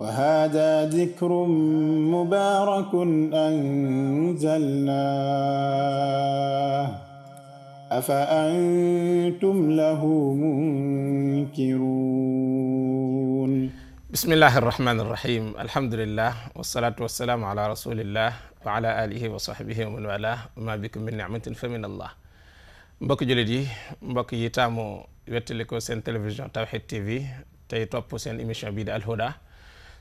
وهذا ذكر مبارك أنزلناه أفأنتم له منكرون بسم الله الرحمن الرحيم الحمد لله والصلاة والسلام على رسول الله وعلى آله وصحبه ومن والاه وما بكم من نعمة فمن الله mbokk jullit yi mbokk yi taamu wettaliko seen télévision Tawhid TV tey topp seen émission bii di Al Huda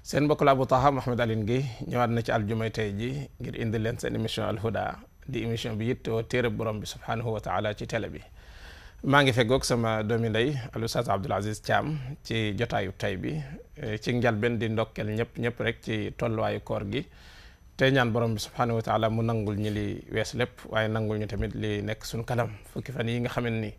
seen mbokk la Abou Taha Mouhamed Alioune Guèye ñëwaat na ci aljumay tey ji ngir indi leen seen émission alhuda di émission bi yittoo téereb borom bi subhaanahu wa taala ci télé bi maa ngi feggoog sama doomi ndey al Oustaz Abdoul Aziz ci jotaayu tey bi eh, ci njalben di ndokkel ñëpp ñëpp rek ci tolluwaayu koor gi tey ñaan borom bi subhaanahu wa mu nangul ñi li wees lépp waaye nangul ñu tamit li nekk suñu kanam fukki fan yi nga xamante ni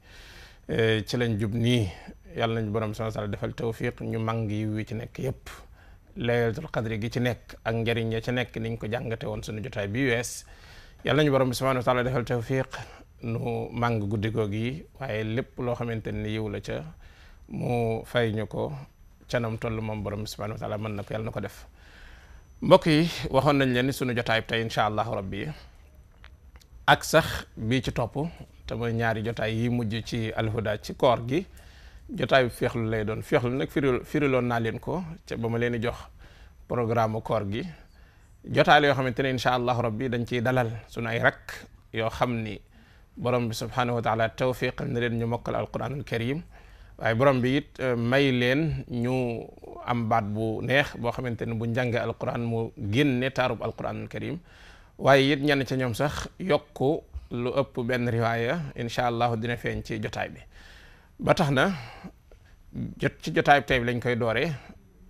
eh, ci lañ jub nii yàlla nañ borom bi subhaanahu wa taala defal tawfiq ñu mang yi wi ci nekk yëpp laylatul qadri gi ci nekk ak njëriñ ya ci nekk niñ ko jàngate woon suñu jotaay bi wees yàlla nañu borom bi subhanahu wa taala defal tawfiq nu màng guddi googu yi waaye lépp loo xamante ni yiw la ca mu fay ñu ko canam toll moom borom bi subhanahu wa mën na ko yal na ko def mbokk yi waxoon nañ leen ni suñu jotaay tey incha allahu rabbi ak sax bii ci topp te mooy ñaari jotaay yi mujj ci alhuda ci koor gi bi feexlu lay doon feexlu na firi naa leen ko ca ba ma leen di jox programme koor gi jotaale yoo xamante ne incha allahu rabbi dañ ciy dalal suñu ay yoo xam ni borom bi subhanahu wa taala tawfiqal na leen ñu mokkal alquranul karim waaye borom bi it euh, may leen ñu am baat bu neex boo xamante ne bu njànge alquran mu génne taarub alquranul karim waaye it ñenn ca ñoom sax yokku lu ëpp benn riwaaya incha allahu dina feeñ ci jotaay bi ba tax na jot ci jotaayub tey bi lañ koy dooree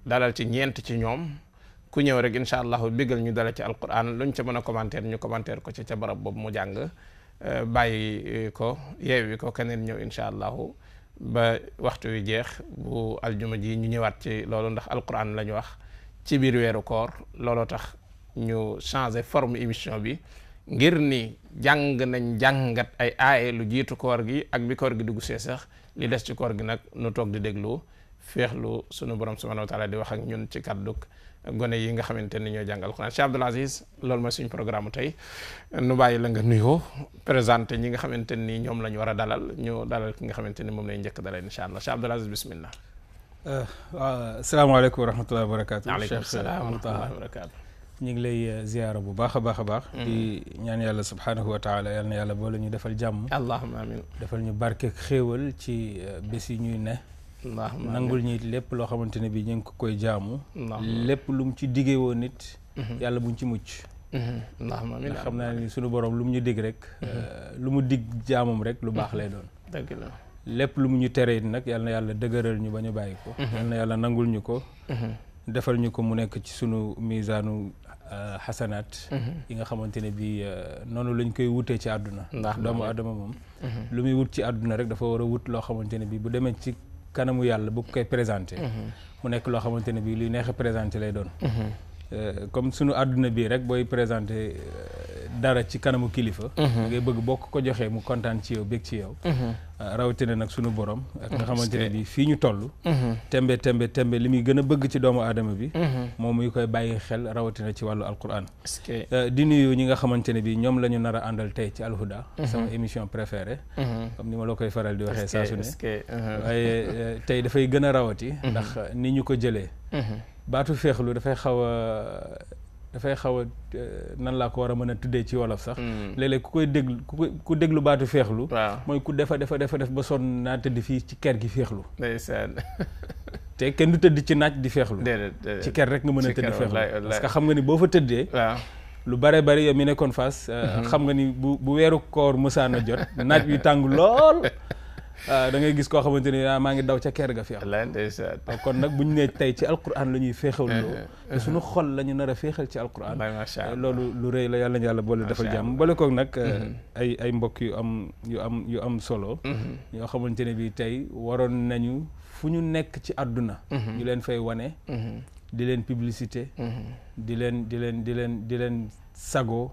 dalal ci ñeent ci ñoom ku ñëw rek incha allahu béggal ñu dala ci alquran luñ ca mën a commentaire ñu commentaire ko ci ca barab boobu mu jàng euh, bàyyi euh, ko yeewi ko keneen ñëw incha allahu ba waxtu wi jeex bu aljuma ji ñu ñëwaat ci loolu ndax alquran la ñu wax ci biir weeru koor looloo tax ñu changé forme émission bi ngir ni jàng nañ jàngat ay aaye lu jiitu koor gi ak bi koor gi dugg see sax li des ci koor gi nag nu toog di déglu féexlu sunu borom subhanahu wa taala di wax ak ñun ci kàdduk gone yi nga xamante ni ñoo jàngal alxuraan Cheikh Abdoul Aziz loolu mooy suñu programme tey nu bàyyi la nga nuyoo présenté ñi nga xamante ni ñoom la ñu war a dalal ñu dalal ki nga xamante ni moom lay njëkk dalal incha allah Cheikh Abdoul Aziz bismillah. waaw euh, ah, asalaamaaleykum wa rahmatullahi wa barakaatu. waaleykum salaam wa rahmatullahi ñu ngi lay euh, ziyaara bu baax a baax a baax mm. di ñaan yàlla subhaanahu wa taala yal na yàlla boole ñu defal jàmm allahumma amin defal ñu barke xéewal ci euh, bés yi ñuy ne nangul ñi lépp loo xamante ne bi ñu ngi ko koy jaamu lépp lu mu ci diggee woon nit mm-hmm. yàlla buñ ci mucc mm-hmm. ndax amin xam naa ni suñu borom lu mu ñu dig rek mm-hmm. euh, lu mu digg jaamam rek lu baax lay doon dëgg lépp lu mu ñu tere it nag yal yàlla dëgëral ñu ba ñu bàyyi ko yàlla nangul ñu ko defal ñu ko mu nekk ci sunu miisaanu xasanaat euh, mhm. yi nga xamante ne bi euh, noonu lañ koy wutee ci àdduna ndax doomu adama moom mhm. lu muy wut ci àdduna rek dafa war a wut loo xamante ne bi bu demee ci kanamu yàlla bu koy présenté mhm. mu nekk loo xamante ne bi luy neex présenté lay doon Euh, comme suñu àdduna bi rek booy présenté euh, dara ci kanamu kilifa. Mhm. ngay bëgg bokk ko joxee mu kontaan ci yow bég ci yow. Mhm. Euh, rawatina nag sunu borom. ak nga mhm. xamante ne bii fii ñu toll. tembe tembe tembe li muy gën a bëgg ci doomu aadama bi. moom muy koy bàyyi xel rawatina ci wàllu alquran. di nuyu ñi nga xamante ne bii ñoom la ñu nar a àndal tey ci alhuda. sama émission préférée. comme ni ma la koy faral di waxee saa su ne. waaye tey dafay gën a rawati. ndax ni ñu ko jëlee. baatu féexlu dafay xaw a dafay xaw a euh, nan laa ko war a mën a tuddee ci wolof sax. Hmm. léeg-léeg ku koy déglu ku ku déglu baatu féexlu. waaw mooy ku defa defa defa def ba sonn naa tëdd fii ci ker gi féexlu. te kenn du tëdd ci naaj di féexlu. ci ker rek nga mën a tëdd féexlu parce xam nga ni boo fa tëddee. waaw lu bare bari yow mi nekkoon fas. Euh, mhm. xam nga ni bu bu weeru koor mësaan a jot. naaj wi tàng lool. Ah, da ngay gis koo xamante ni ah, maa ngi daw ca ker ga fi am ah, kon nag bu ñu nee tey ci alquran la ñuy féexal loo eh, eh, eh. te suñu xol la ñu nar a féexal ci alquran loolu lu rëy la yàlla na yàlla boole dafa jàmm boole koog nag mm-hmm. ay ay mbokk yu am yu am yu am solo mm-hmm. yoo xamante ne bi tey waroon nañu fu ñu nekk ci àdduna mm-hmm. ñu leen fay wane di leen publicité di leen di leen di leen di leen sago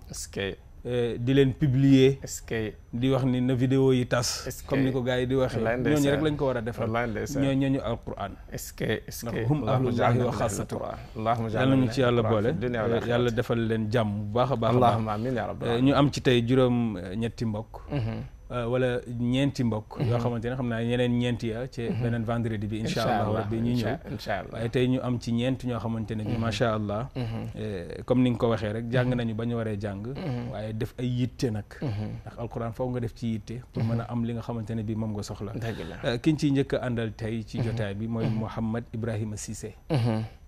Euh, di leen publier. est-ce di wax ni na vidéo yi tas. comme ni ko gars yi di waxee. ñooñu rek lañ ko war a defal. ñoo ñooñu alquran. est-ce que est-ce que hum ahlullahi wa xaasatuhu. yal nañu ci yàlla boole. yàlla defal leen jàmm bu baax a baax. Euh, ñu am ci tey juróom ñetti mbokk. Mm-hmm. Euh, wala ñeenti mbokk ñoo mhm. xamante ne xam naa ñeneen ñeenti ya ci mhm. beneen vendredi bi incha allah rabbi ñu ñëw waaye tey ñu am ci ñeent ñoo xamante ne bi mhm. macha allah eh, comme ni nga ko waxee rek jàng nañu ba ñu waree jàng waaye def ay yitte nag ndax alquran foog nga def ci yitte pour mën a am li nga xamante ne bi moom nga soxla eh, kiñ ciy njëkk a àndal tey ci jotaay bi mooy Mouhamed Ibrahima Cissé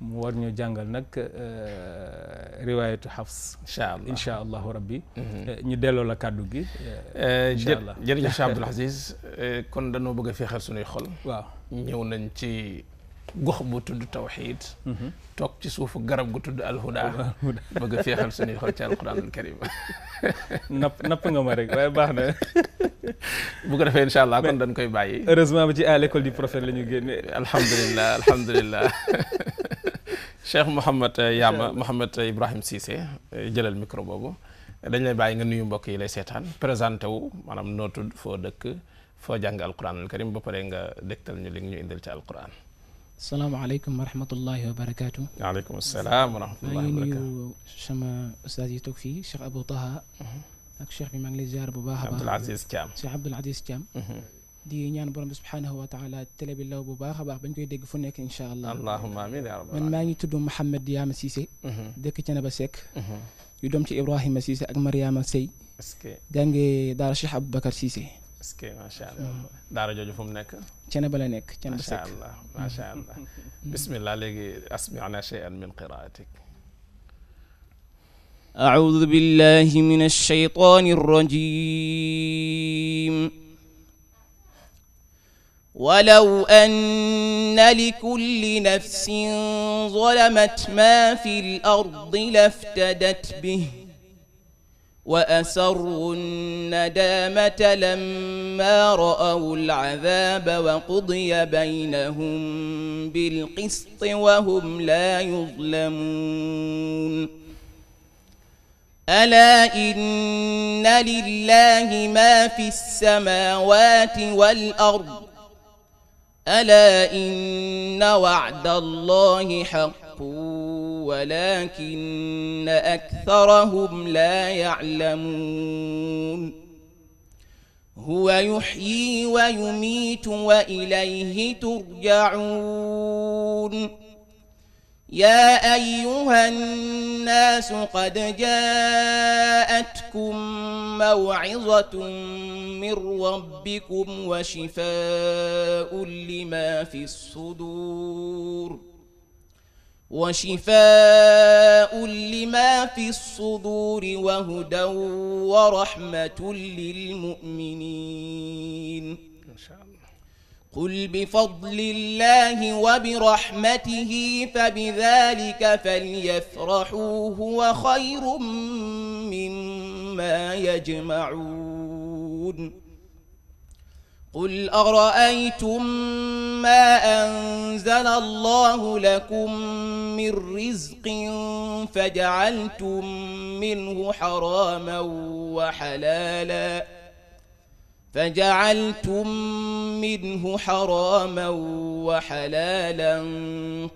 mu war ñu jàngal nag euh, riwaayatu Hafs. incha allah incha allahu rabbi. Mhm. Euh, ñu delloo la kàddu gi. Euh, incha allah jë jërëjëf Cheikh Aziz kon danoo bëgg a feexal suñuy xol. waaw ñëw nañ ci. gox bu tudd tawxiid mhm. toog ci suufu garab gu tudd alhuda bëgg a feexal yi xol ci alquranul karim napp napp nga ma rek waaye baax na bu ko defee incha allah kon dañ koy bàyyi heureusement ba ci à l'école du prophète la ñu génne alhamdulilah alhamdulilah Cheikh Mouhamed euh, Yaama Mouhamed euh, Ibrahim Cissé euh, jëlal micro boobu dañ lay bàyyi nga nuyu mbokk yi lay seetaan présenté wu maanaam noo foo dëkk foo jàng alquran al karim ba pare nga dégtal ñu li ñu indil ci alquran. salaamaaleykum wa rahmatullahi wa barakaatu. waaleykum salaam wa rahmatullahi wa barakaatu. maa ngi nuyu sama yi toog fii mhm. Cheikh bi maa ngi lay bu baax a baax. Abdoul di ñaan borom bi subhaanahu wa taala télé bi law bu baax a baax bañ koy dégg fu allah. allahumma amiin man maa ngi tudd Yaama Cissé. Mhm. dëkk Thiénaba Seck. Mhm. yu doom Ibrahima Cissé ak Mariama Sey. est-ce que jàngee Daara Cheikh Aboubacar Cissé. est-ce que macha allah mhm. Daara jooju fu mu nekk. Thiénaba la nekk Thiénaba Seck macha allah macha allah. bismillah léegi asmi'na shay'an min qira'atik. a'uudu billahi mina ولو أن لكل نفس ظلمت ما في الأرض لافتدت به وأسروا الندامة لما رأوا العذاب وقضي بينهم بالقسط وهم لا يظلمون ألا إن لله ما في السماوات والأرض ألا إن وعد الله حق ولكن أكثرهم لا يعلمون هو يحيي ويميت وإليه ترجعون يا ايها الناس قد جاءتكم موعظه من ربكم وشفاء لما في الصدور وشفاء لما في الصدور وهدى ورحمه للمؤمنين قل بفضل الله وبرحمته فبذلك فليفرحوا هو خير مما يجمعون قل أرأيتم ما أنزل الله لكم من رزق فجعلتم منه حراما وحلالا فجعلتم منه حراما وحلالا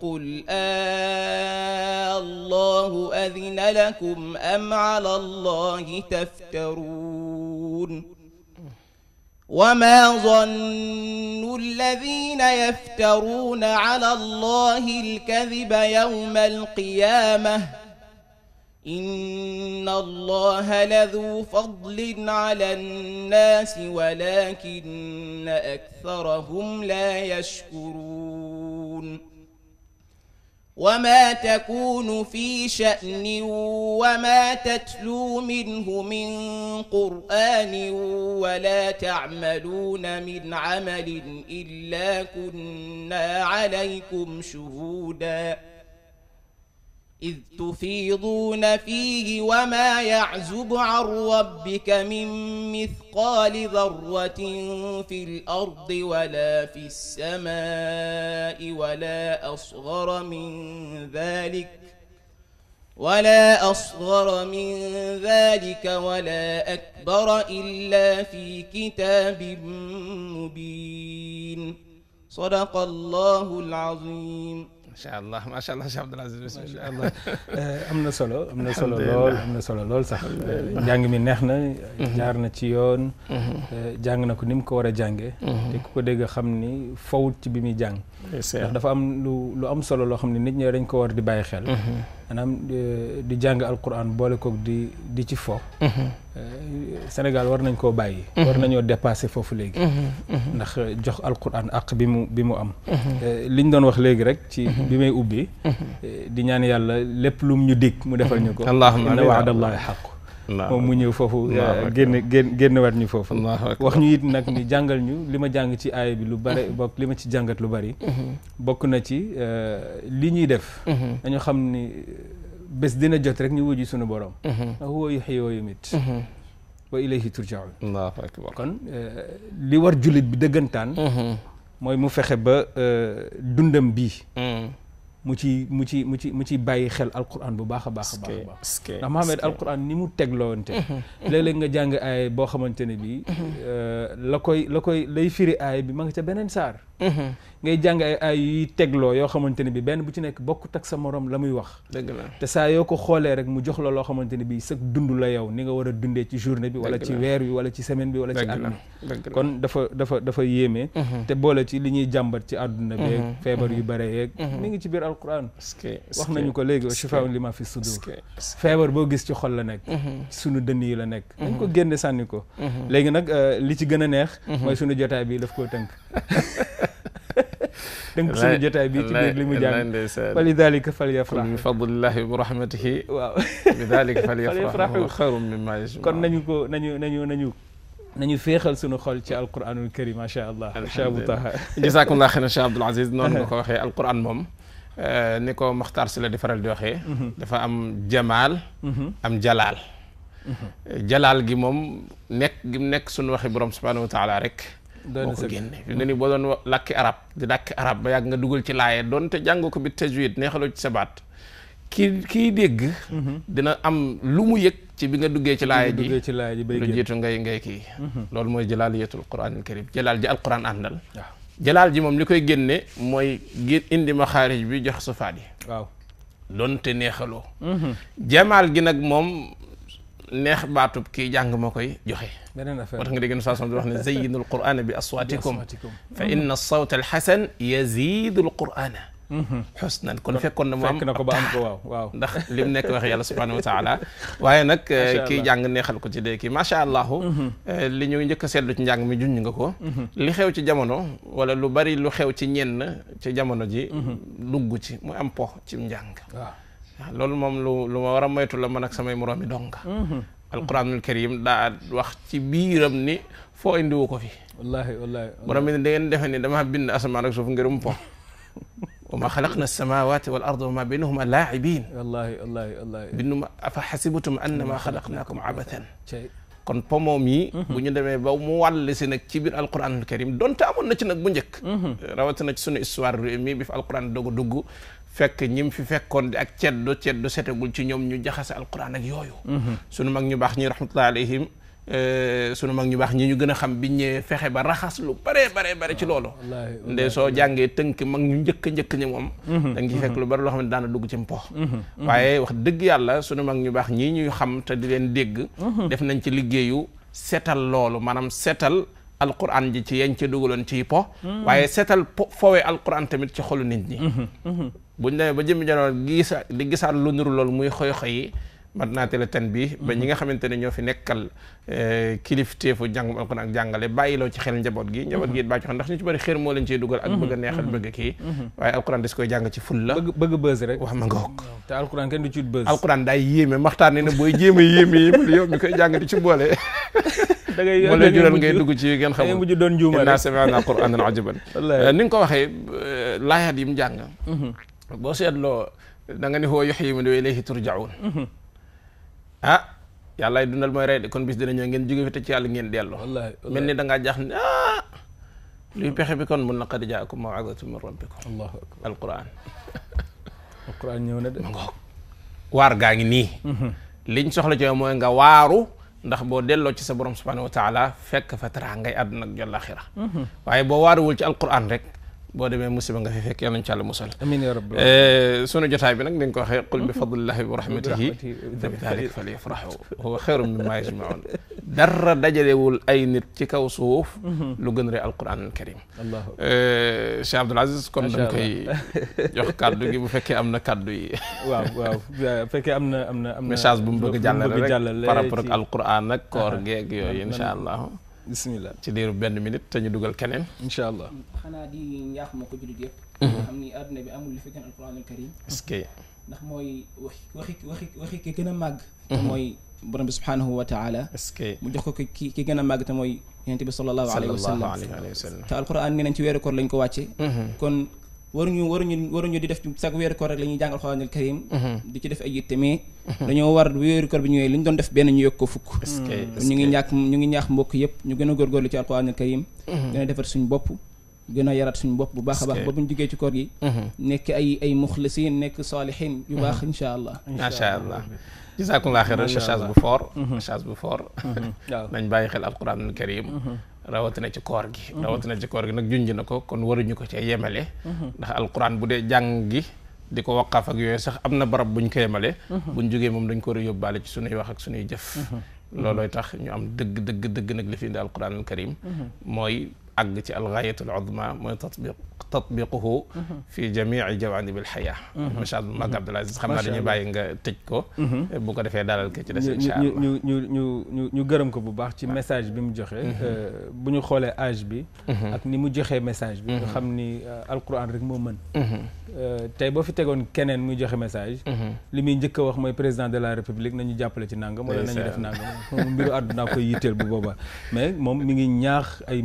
قل آه الله أذن لكم أم على الله تفترون وما ظن الذين يفترون على الله الكذب يوم القيامة إن الله لذو فضل على الناس ولكن أكثرهم لا يشكرون وما تكون في شأن وما تتلو منه من قرآن ولا تعملون من عمل إلا كنا عليكم شهوداً إذ تفيضون فيه وما يعزب عن ربك من مثقال ذرة في الأرض ولا في السماء ولا أصغر من ذلك ولا أصغر من ذلك ولا أكبر إلا في كتاب مبين صدق الله العظيم macha allah macha allah Cheikh Abdoul Aziz bismillah eh, am na solo am na solo lool am na solo lool sax eh, njàng mi neex na mhm. jaar na ci yoon mhm. eh, jàng na ko ni mu ko war a jànge mhm. te ku ko dégg xam ni fawut ci bi muy jàng ndax dafa am lu lu am solo loo xam ne nit ñi dañ ko war di bàyyi xel maanaam di jàng alquran boole koog di di ci fo Euh, Sénégal war nañ koo bàyyi. Mhm. war nañoo dépasser foofu léegi. Mhm, mhm. ndax euh, jox al alquran ak bi mu bi mu am. Euh, li ñu doon wax léegi rek. ci bi may ubbi. di ñaan yàlla lépp lum ñu dig mu defal ñu ko. allahumma inna waadallahi xaq. moom mu ñëw foofu génn génn génnewaat ñu foofu wax ñu it nag ni jàngal ñu li ma jàng ci aaya bi lu bari bokk li ma ci jàngat lu bari bokk na ci li ñuy def dañu xam ni bés dina jot rek ñu wuji sunu borom. Mhm. wa huwa yuhyi wa yumiit mhm. wa ilayhi turjaun kon euh, li war jullit bi dëggantaan. Mhm. mooy mu fexe ba euh, dundam bii. mu ci mu ci mu ci mu ci bàyyi xel alquran bu baax a baax a baax a baax ndax Mohamed alquran ni mu tegloonte mhm. léeg-léeg nga jàng aay boo xamante ne bii mhm. euh, la koy la koy lay firi aay bi ma ca beneen saar mhm. ngay jàng ay yuy tegloo yoo xamante ne bii benn bu ci nekk bokk ak sa morom la muy wax dëgg la te saa yoo ko xoolee rek mu jox la loo xamante ne bii sag dund la yow ni nga war a dundee ci journée bi wala ci weer bi wala ci semaine bi wala ci at mi kon dafa dafa dafa yéeme te boole ci li ñuy jàmbat ci àdduna beeg feebar yu bare yeeg mi alquran wax nañu ko léegi shifaaun li ma fi sudur feebar boo gis ci xol la nekk mhm. sunu dënn yi la nekk dañ ko mhm. génne sànni ko mhm. léegi nag euh, li ci gën neex mooy sunu jotaay bi daf koo tënk dënk suñu jotaay bi ci biir li mu jàng fa li dalika fal yafrax bi fadlillahi wa rahmatihi waaw bi dalika fal yafraxu xayrun mimma yajmaun kon nañu ko nañu nañu nañu nañu féexal suñu xol ci alquranul karim macha allah. alhamdulilah Cheikh Abou Taha. jazakumullah xeyran Cheikh Abdoul Aziz noonu nga ko waxee alquran moom. Euh, ni ko Maxtaar si la di faral di waxee. Mhm. dafa am jamaal. Mhm. am jalaal. Mhm. jalaal gi moom nekk gi mu nekk suñu waxi borom subhaanahu wa taala rek. moo ko génne fi ne ni boo doon làkki arab di làkki arab ba yàgg nga dugal ci laaye doonte jàng ko bi tajwid neexaloo ci sabaat kii kii dégg dina am lu mu yëg ci bi nga duggee ci laaya ji lu jiitu ngay ngay kii loolu mooy jalaaliyatul quraanil kariim jalaal ji alquran jalaal ji moom li koy génne mooy gén indi maxaarij bi jox safaat yi waaw doonte neexaloo mhm. jamaal gi nag moom neex baatub kii jàng ma koy joxe moo tax nga dégg saa soxna wax ne zayyinul qur'ana bi aswaatikum fa inna sawta alxasan yaziidul qur'ana xusnan kon fekkoon na mu am fekk na ko ba am ko waaw waaw ndax li nekk wax yàlla subhanahu wa taala waaye nag eh, kii jàng neexal ko ci dee kii macha allah mm-hmm. eh, li ñu njëkk a seetlu ci njàng mi junñ nga ko mm-hmm. li xew ci jamono wala lu bari lu xew ci ñenn ci jamono ji mm-hmm. dugg ci mu am po ci njàng ah, loolu moom lu lu ma war a moytu la man ak samay moroomi donga alquranul karim daa wax ci biiram ni foo indiwu ko fi wallaahi wallaahi borom da ngeen defe ni dama bind asamaan ak suuf ngir um po wa ma xalaqna alsamawati wal arda wa ma baynahuma laacibin wallahi wallahi wallahi binduma afa xasibatum annama xalaqnaakum abathan kon pomoom mhm. bu ñu demee ba mu wàll si nag ci biir alquranul karim donte amoon na ci nag bu njëkk mhm. rawatina ci sunu histoire réew mi bi fi alquran doog a dugg fekk ñim fi fekkoon di ak ceddo ceddo setegul ci ñoom ñu jaxase alquran ak yooyu mhm. sunu mag ñu baax ñi rahmatullahi alayhim Euh, sunu mag ñu baax ñi ñu gën a xam biñ ñee fexe ba raxas lu bare bare bare ci loolu ah, nde soo jàngee tënk mag ñu njëkk njëkk ñi moom mhm. da nga ciy fekk lu bari loo xam ne daana dugg ci mpo mhm. mhm. waaye wax dëgg yàlla sunu mag ñu baax ñii ñuy xam te di leen dégg def nañ ci liggéeyu seetal loolu maanaam seetal alquran ji ci yañ ci dugaloon ci po waaye seetal po foowee alquran tamit ci xolu nit ñi buñ demee ba jëmmi janoo gisa di gisaat lu nuru loolu muy xoy xoy mat naa teel a ten bi ba ñi mhm. nga xamante ne ñoo fi nekkal eh, kilifteefu jàngum alxuraan ak jàngale bàyyiloo ci xel njaboot gi njaboot gi it mhm. ci xel ndax ñu ci bëri xéer moo leen a mhm. neexal bëgg kii waaye alxuraan des koy jàng ci ful la bëgg bës rek wax ma nga wok te alxuraan kenn du ci bës alxuraan daay yéeme maxtaan ne ne booy jéem a yéeme yéemal yow mi koy jàng di ci boole da ngay boole jural ngay dugg ci ngeen xamul mujj doon a rek sami'na qur'aanan ajaban eh, ni ko waxee eh, laayaat yi jàng boo seetloo da nga ni huwa yuhyi wa ilayhi ah yàllaay dundal mooy rey de kon bis dina ñëw ngeen jóge fi te ci yàlla ngeen dellu mel ni dangaa jax ne ah luy pexe bi kon mun na qad jaakum maw'izatun min rabbikum allahu akbar alquran alquran ñëw na ma waar gaa ngi nii mhm. liñ soxla ci mooy nga waaru ndax boo delloo ci sa borom subhanahu wa taala fekk fa teraangay àdduna ak jol laaxira mhm. waaye boo waaruwul ci alquran rek boo demee musiba nga fi fekk yal nañu ci Yàlla musal amiin yaa eh, sunu jotaay bi nag ni ko waxee qul bi fadlillahi wa rahmatihi fa bi daalika falyafrahu huwa xayrun mimma yajmaun dara dajalewul ay nit ci kaw suuf mhm. lu gën ree alquran al karim eh, Cheikh Abdoul Aziz gi bu fekkee am na kàddu yi waaw waaw bu fekkee am na am na message bu mu bëgg jàllale rek par rapport ak alquran ak koor geeg yooyu incha allah bisimilah ci diiru benn minute te ñu dugal keneen. incha allah xanaa di ñaax ma ko jullit yëpp. Mhm. nga xam bi amul li fi gën alquran al karim. wax waxi ki gën a màgg. te mhm. mooy borom bi subhaanahu wa taala. est-ce mu jox ko ki ki gën a màgg te mooy. yonent bi sallallahu alayhi wa sallam te alquran nee nañ ci weeru koor lañ ko wàcce mhm. kon. waruñu waruñu waruñu di def chaque weeru koor rek la ñuy jàngal Alxuraanul Karim mhm. di ci def ay yitte mais mhm. dañoo war weeru koor bi ñu doon def benn ñu yokk ñu ngi ñaax ñu mbokk yëpp ñu gën a góorgóorlu ci Alxuraanul Karim mhm. gën a defar suñu bopp gën a yaraat suñu bopp bu baax a baax ba bu ñu jugee ci koor gi nekk ay ay nekk saalihiin yu baax insha allah macha allah jazakumullah xeyran message bu fort message bu fort nañ bàyyi xel Alxuraanul Karim rawatina ci koor gi mhm. rawatina ci koor gi nag junj na ko kon waruñu ko ci yemale mhm. ndax alquran bu dee jàng gi di ko waqaaf ak yooyu sax am na barab buñ ko yemale mhm. buñ jógee moom dañ ko war a yóbbaale ci sunuy wax ak sunuy jëf loolooy tax ñu am dëgg dëgg dëgg nag li fi indi alquran al karim mooy àgg ci alxayatul uzma mooy tatbiq tatbiquhu mhm. fi jamii jawaanib alxayaa macha mhm. allah mag mhm. Abdul Aziz xam naa dañuy bàyyi nga tëj ko bu ko defee dalal ke ci des incha allah ñu ñu ñu ñu ñu gërëm ko bu baax ci message bi mu joxe euh, bu ñu xoolee âge bi ak ni mu joxee message bi ñu xam ni euh, alquran rek moo mën Euh, tey boo fi tegoon keneen muy joxe message. Mhm. li muy njëkk a wax mooy président de la république nañu jàppale ci nangam. wala nañu def nangam mbiru àdduna koy yitteel bu booba mais moom mu ngi ñaax ay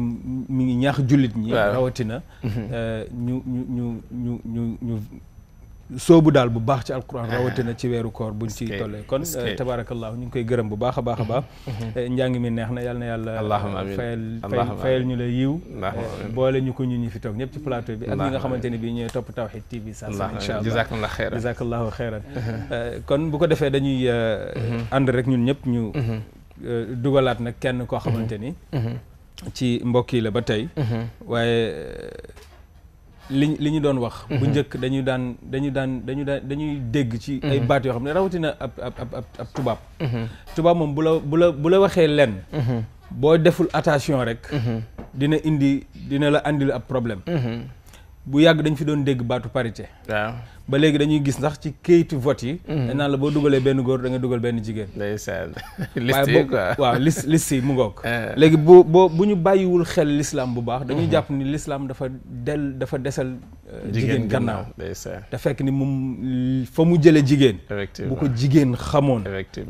mi ngi ñaax jullit ñi. rawatina. Mhm. Euh, ñu ñu ñu ñu ñu ñu. soobu daal bu baax ci alquran ah. rawatina ci weeru koor buñ ci tollee kon eh, tabarakallahu ñu ngi koy gërëm bu baax a baax a baax mm-hmm. Mm-hmm. Eh, njàng mi neex na yal na yàlla fayal fayal ñu la yiw eh, boole ñu ko ñu ñu fi toog ñëpp ci plateau bi ak ñi nga xamante ne bii ñooy topp Tawhid TV saa sa incha allah jazakallahu xeyran jazakallahu xeyran kon bu ko defee dañuy mm-hmm. ànd rek ñun ñëpp ñu dugalaat nag kenn koo xamante ni ci mbokk yi la ba tey waaye li li ñu doon wax. bu mhm. njëkk dañu daan dañu daan dañu daan dañuy dégg ci. ay mhm. baat yoo xam ne rawatina ab ab ab ab tubaab. Mhm. tubaab moom bu la bu la bu la waxee lenn. boo deful attention rek. dina indi dina la andil ab problème. bu yàgg dañu fi doon dégg baatu parité. ba léegi dañuy gis ndax ci kayitu vote yi. Mhm. dañ naan la boo dugalee benn góor da dugal benn jigéen. ndeysaan liste yi waaw liste liste yi mu ngoog. Eh. léegi bu boo bu ñu bàyyiwul xel lislaam bu baax. dañuy mhm. jàpp ni lislaam dafa del dafa desal. Eh, jigéen gannaaw te fekk ni moom fa mu jëlee jigéen. bu ko jigéen xamoon.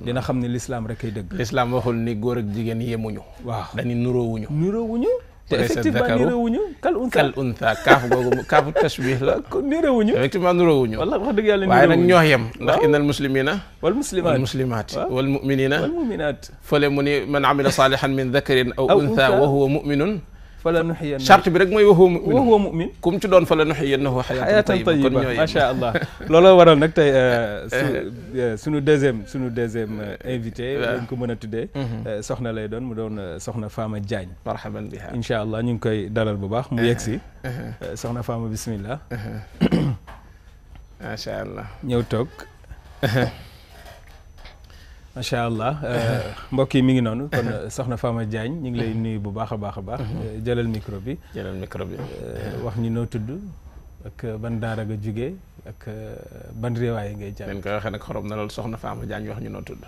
dina xam ne lislaam rek kay dégg l'islam waxul ni góor ak jigéen yemuñu. waaw dañu nuróowuñu nuróowuñu. te effectivement niroowuñu kal unsa kal unsa kaaf googu kaafu tashbih la niroowuñu effectivement niroowuñu wala wax dëgg yàlla waaye nag ñoo yem ndax innal muslimina wal muslimat wal muslimat wal muminina wal muminat fële mu ni man amila salihan min dhakarin aw untha wa huwa muminun fala nuxiyannahu charte bi rek mooy wa huwa mu'min kum ci doon fala nuxiyannahu xayatan tayiba macha allah looloo waral nag tey euh, suñu euh, deuxième suñu deuxième euh, invité dañ ko mën a tuddee mhm. soxna lay doon mu doon soxna Fama Diagne marhaban biha incha allah ñu ngi koy dalal bu baax mu yegg si eh, eh, eh. soxna Fama bismillah macha allah ñëw toog macha allah euh, mbokk yi mi ngi noonu kon euh, soxna Fama Diagne ñu ngi lay nuyu bu baax a baax a baax. Mhm. Euh, jëlal micro bi. jëlal micro bi. wax ñu noo tudd ak ban daara nga jugee ak ban réewaay ngay jàng. leen ko waxee nag xorom na soxna Fama Diagne wax ñu noo tudd.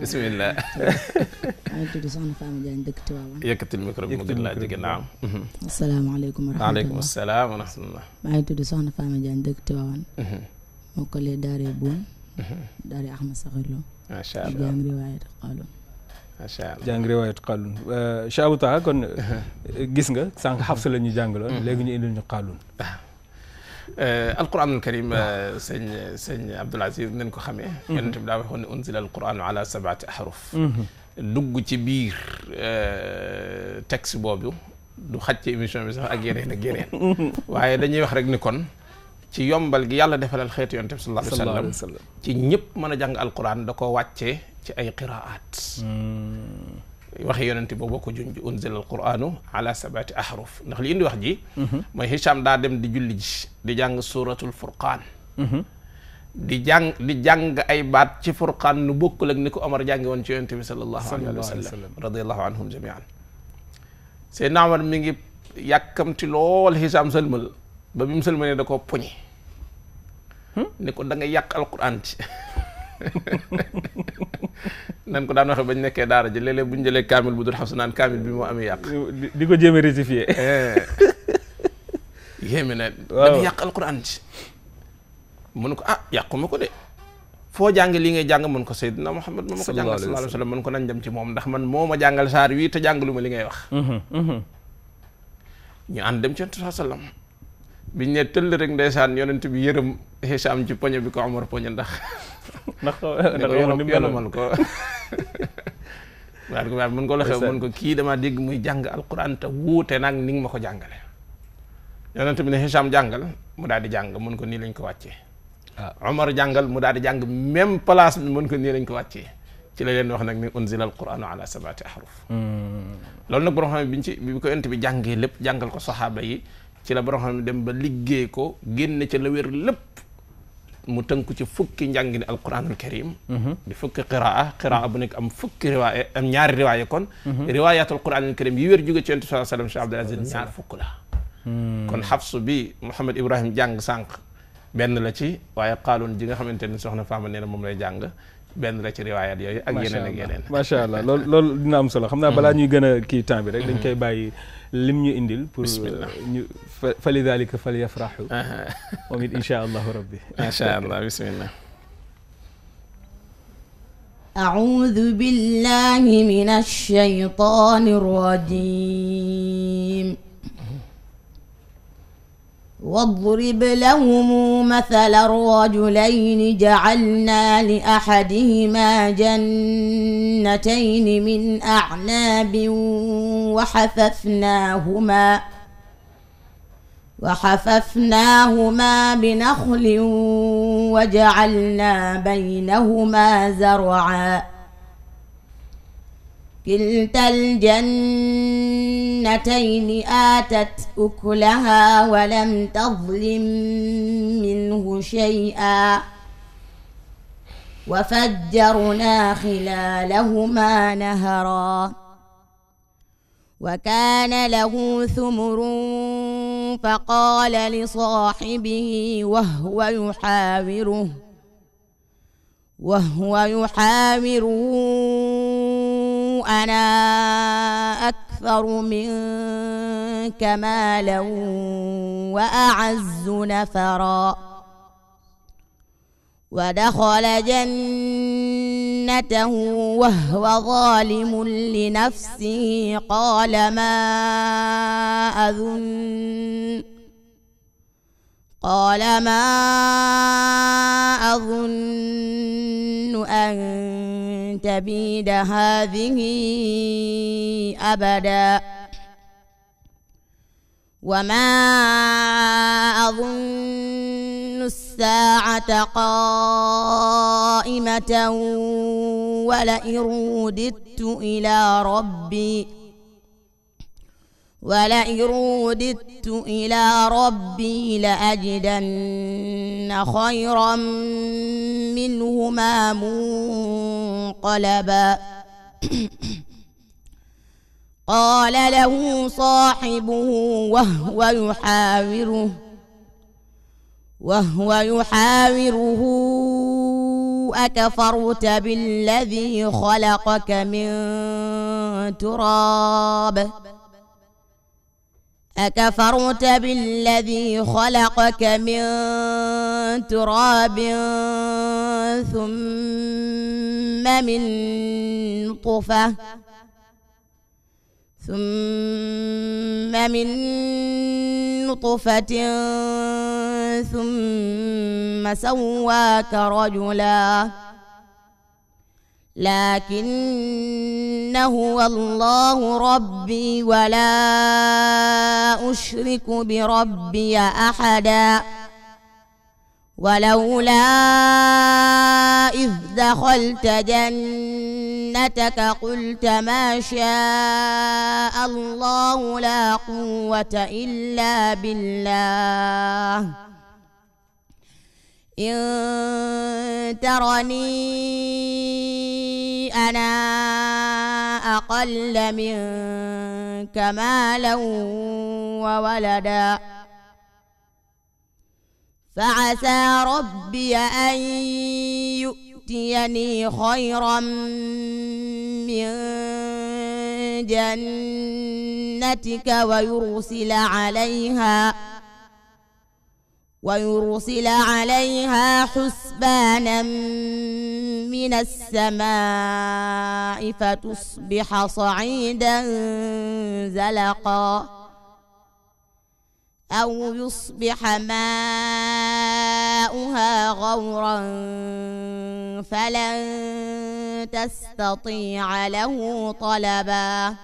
bisimilah. maa ngi tudd soxna Fama Diagne dëkk Tivaouane. mokkale daaree buum. Mhm. daaree Axmed Saxir Lo. macha allah jàng riwaayat xaalun. macha allah euh, kon euh, mhm. gis nga sànq xafsa la ñu jàngaloon. Mhm. léegi ñu indil ñu xaalun. Euh, alquran al karim sëñ sëñ Abdul Aziz nañ ko xame yonent bi daa waxoon ne unzila alquran ala sabaati ahruf. dugg ci biir texte boobu du xaj ci émission bi sax ak yeneen ak yeneen. waaye dañuy wax rek ni kon. ci yombal gi yàlla defalal xeetu yonent bi sallallahu alayhi wa sallam ci ñëpp mën a jàng alquran da koo wàccee ci ay qiraat hmm. waxi yonent boobu ko junj unzila alquranu ala sabati ahruf ndax li indi wax ji mhm. mooy Hicham daa dem di julli ji di jàng suratul furqaan mhm. di jàng di jàng ay baat ci furqaan nu bokkul ak ni ko Omar jàngi woon ci yonent bi sallallahu alayhi wa sallam radiallahu anhum jamian Seydina Omar mi ngi yàkkamti lool Hicham sëlmal ba bi mu sëlmalee da koo poñe hmm? ne ko da nga yàq alquran ci nan ko daan waxee bañ nekkee daara ji léeg-léeg bu ñu jëlee kaamil bu dul xam su naan kaamil bi moo amee yàq di ko jéem a rectifier eh. yéeme na da nga yàq alquran ci mun ko ah yàquma ko de foo jàng li ngay jàng mun ko Seydina Muhammad moom ma ko jàngal sallallahu alayhi wa sallam mun ko nañ dem ci moom ndax man moo ma jàngal saar wii te jàngaluma li ngay wax mm-hmm, mm-hmm. ñu ànd dem ci sallam biñ ne tëll rek ndeysaan yonent bi yërëm Hicham ci poñe bi ko Omar poñe ndax. ndax yonamal ko. waaw waaw mën ko la ko kii damaa dégg muy jàng alquran te wuute nag ni nga ma ko jàngale yonent bi ne Hicham jàngal mu daal di jàng mën ko nii lañ ko wàccee. waaw ah. Omar jàngal mu daal di jàng même place bi mën ko nii lañ ko wàccee. ci la leen wax nag ni unzila alquranu ala sabaati ahruf hmm. loolu nag borom xam ne bi ko yonent bi jàngee lépp jàngal ko saxaaba yi. ci la borom xam dem ba liggéey ko génne ca la wér lépp mu tënku ci fukki njàngin alquranul karim mhm. di fukki qiraa qiraa bu nekk am fukki riwaaye am ñaari riwaaye kon mhm. riwaayatul quranul karim yi wér jóge ci yonent sallallahu alayhi wa sallam Cheikh Abdul Aziz ñaar fukk la hmm. kon xafsu bi Mouhamed Ibrahim jàng sànq benn la ci waaye xaaloon ji nga xamante ni soxna Faama nee na moom lay jàng benn la ci riwaayaat yooyu ak geneen ak yeneen macha allah lool loolu dina am solo xam naa hmm. balaa ñuy gën kii temps bi rek dañ hmm. koy bàyyi lim ñu indil. pour euh, ñu fa li daalika fal yafraxu. moom it incha allahu rabbi. macha allah bismillah. أعوذ بالله من الشيطان الرجيم واضرب لهم مثل الرجلين جعلنا لأحدهما جنتين من أعناب وحففناهما وحففناهما بنخل وجعلنا بينهما زرعاً كلتا الجنتين آتت أكلها ولم تظلم منه شيئا وفجرنا خلالهما نهرا وكان له ثمر فقال لصاحبه وهو يحاوره وهو يحاوره أنا أكثر منك مالا وأعز نفرا ودخل جنته وهو ظالم لنفسه قال ما أظن قال ما أظن أن تبيد هذه أبدا وما أظن الساعة قائمة ولئن رددت إلى ربي ولئن رددت إلى ربي لأجدن خيرا منهما منقلبا قال له صاحبه وهو يحاوره وهو يحاوره أكفرت بالذي خلقك من تراب أكفرت بالذي خلقك من تراب ثم من طفة ثم من نطفة ثم سواك رجلاً لكن هو الله ربي ولا أشرك بربي أحدا ولولا إذ دخلت جنتك قلت ما شاء الله لا قوة إلا بالله إن ترني أنا أقل منك مالا وولدا فعسى ربي أن يؤتيني خيرا من جنتك ويرسل عليها ويرسل عليها حسبانا من السماء فتصبح صعيدا زلقا أو يصبح ماؤها غورا فلن تستطيع له طلبا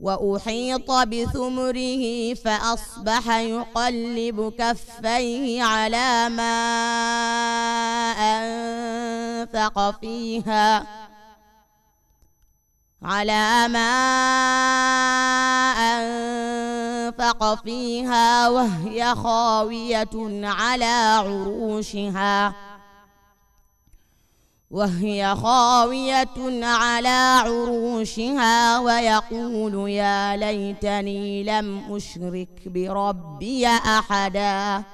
وأحيط بثمره فأصبح يقلب كفيه على ما أنفق فيها على ما أنفق فيها وهي خاوية على عروشها وهي خاوية على عروشها ويقول يا ليتني لم أشرك بربي أحدا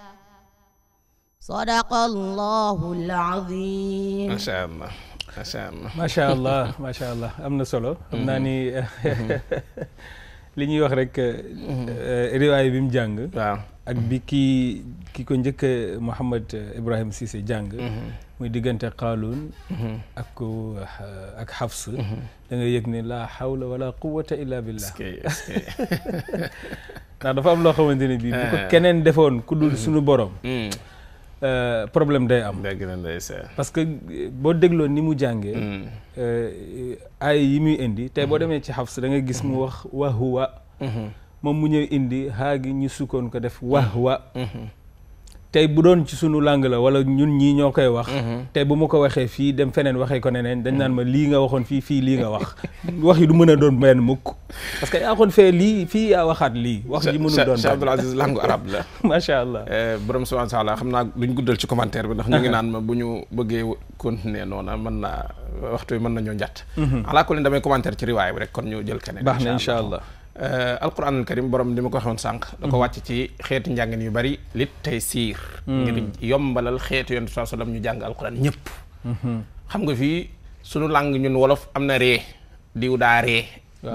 صدق الله العظيم ما شاء الله ما شاء الله ما شاء الله ما شاء الله am na solo xam naa ni li ñuy wax rek riwaay bi mu jàng waaw ak bi ki ki ko njëkk Mouhamed Ibrahim Cissé jàng muy diggante qaaluun mhm. ak uh, ak xafs mhm. da nga yëg ne laa xawla wala quwata illa billah ndax dafa am loo xamante ne bii bu ko eh. keneen defoon ku dul mm. suñu borom mm. uh, problème day am parce que uh, boo dégloon ni mu jàngee mm. ay yi muy indi tey boo mm-hmm. demee ci xafs danga gis mu wax mm-hmm. wahwa mm-hmm. moom mu ñëw indi haa ñu sukkoon ko def wahwa tey bu doon ci suñu làng la wala ñun ñii ñoo koy wax mm-hmm. tey bu ma ko waxee fii dem feneen waxee ko neneen dañ naan ma mm-hmm. lii nga waxoon fii fii lii nga wax wax yi du mën a doon benn mukk parce que yaa waxoon lii fii yaa lii wax ji mënul doon Cheikh Abdoul Aziz langue arabe la macha allah eh, borom subhanahu wa taala xam naa duñ guddal ci commentaire bi ndax ñu ngi naan ma bu ñu bëggee continuer noona mën naa waxtu bi mën nañoo njatt mm-hmm. alaa ko leen damay commentaire ci riwaay bi rek kon ñu jël keneen baax na incha allah Euh, alquran al karim borom di ma ko waxoon sànq. da ko mm-hmm. wàcc ci xeeti njàngin yu bari lit tey siir. ngir mm. yombalal xeet yonent saa sallam ñu jàng alquran ñëpp. Mm-hmm. xam nga fii sunu làng ñun wolof am na ree diw daa ree.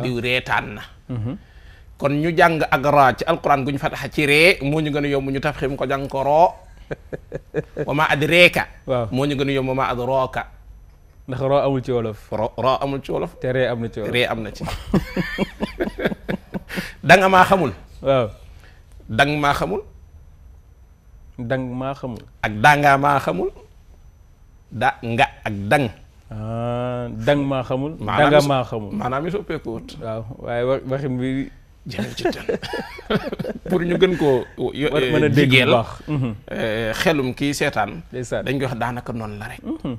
diw reetaan na. Mm-hmm. kon ñu jàng ak raa gu ñu fataxa ci gën a yomb ñu tafxim ko ko roo. moo ñu gën a yomb amul ci wolof. roo amul ci wolof. te ree am na ci ree am na ci. danga maa xamul. waaw dang maa xamul. dang maa xamul. ak dangaa maa xamul. da nga ak dang. Ah, dang maa xamul. maanaam danga maa xamul. maanaam mi soppeeku wut. waaw waaye bi. jërëjëf ci tan pour ñu gën koo. mën a eh, mhm. eh, xelum kii seetaan. dañ ko daanaka noonu la rek. Mhm.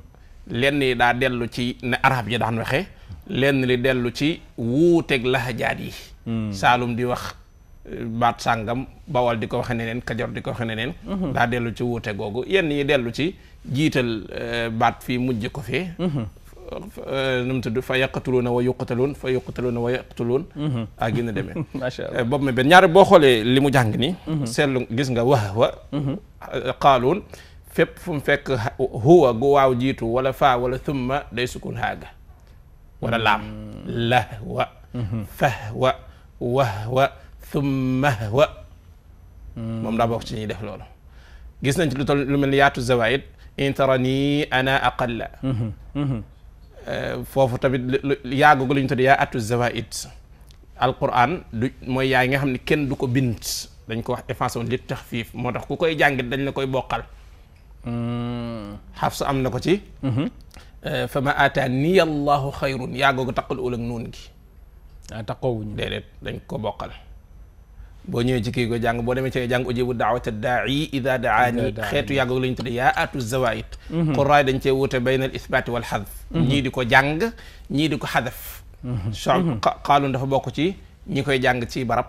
lenn yi daa dellu ci ne arab yi daan waxee. lenn li dellu ci wuuteeg lahajaat yi. Hmm. saalum di wax eh, baat sàngam bawal di ko waxe ne neen kajoor di ko waxe ne neen hmm. daa dellu ci wuute googu yenn yi dellu ci jiital eh, baat fii mujj ko fii hmm. eh, nu mu tudd fa yaqatuluuna wa yuqataluun fa yuqataluuna wa yaqatuluun ak gën a demee macha allah ma benn ñaari boo xoolee li mu jàng ni seetlu gis nga wahwa qaaluun fépp fu mu fekk huwa gu waaw jiitu wala faa wala thumma day sukun haaga wala laam lahwa fahwa wahwa thumma hwa moom daa bokk ci ñuy def loolu gis nañ ci lu toll lu mel ni yaatu zawaid in tarani ana aqalla foofu tamit yaagogu la ñu tuddee yaa atu zawaid alquran du mooy yaay nga xam ne kenn du ko bind dañ ko wax effacé woon li taxfiif moo tax ku koy jàngit dañ la koy bokkal xafsa am na ko ci mm-hmm. fa ma aataaniya allahu xayrun yaagoogu taqal ulak nuun gi ah taxawuñu de dañ ko bokkal. boo ñëwee ci kii ko jàng boo demee ci jàng ujibu daawata daa'i ida daani xeetu yàgg lañ tudde yaa aatu zawaid quraay mhm. dañ cee wuute bayna al ithbaati wal xadf mhm. ñii di ko jàng ñii di ko xadaf mhm. qaalun ndafa bokk ci ñi koy jàng ci barab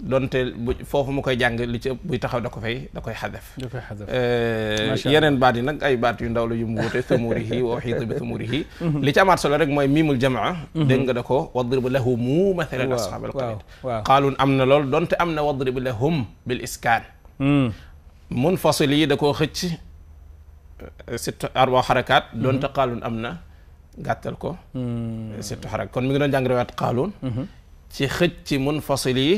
donte bu foofu mu koy jàng li ci ëpp buy taxaw da ko fay da koy xadaf euh, yeneen baat yi nag ay baat yu ndaw la yu mu wute sumurihi wa uxiita bi mhm. li ci amaat solo rek mooy miimul jamaa mhm. dégg nga da ko wadrib lahumu mathalan ashaab alqarit qaalun am na lool donte am na wadrib lahum bil iskaan hmm. munfasil yi da koo xëcc euh, sitt arba xarakaat mhm. donte qaalun am na gàttal ko hmm. sitt xarakat kon mi ngi doon jàngrewaat qaalun ci xëcc munfasil yi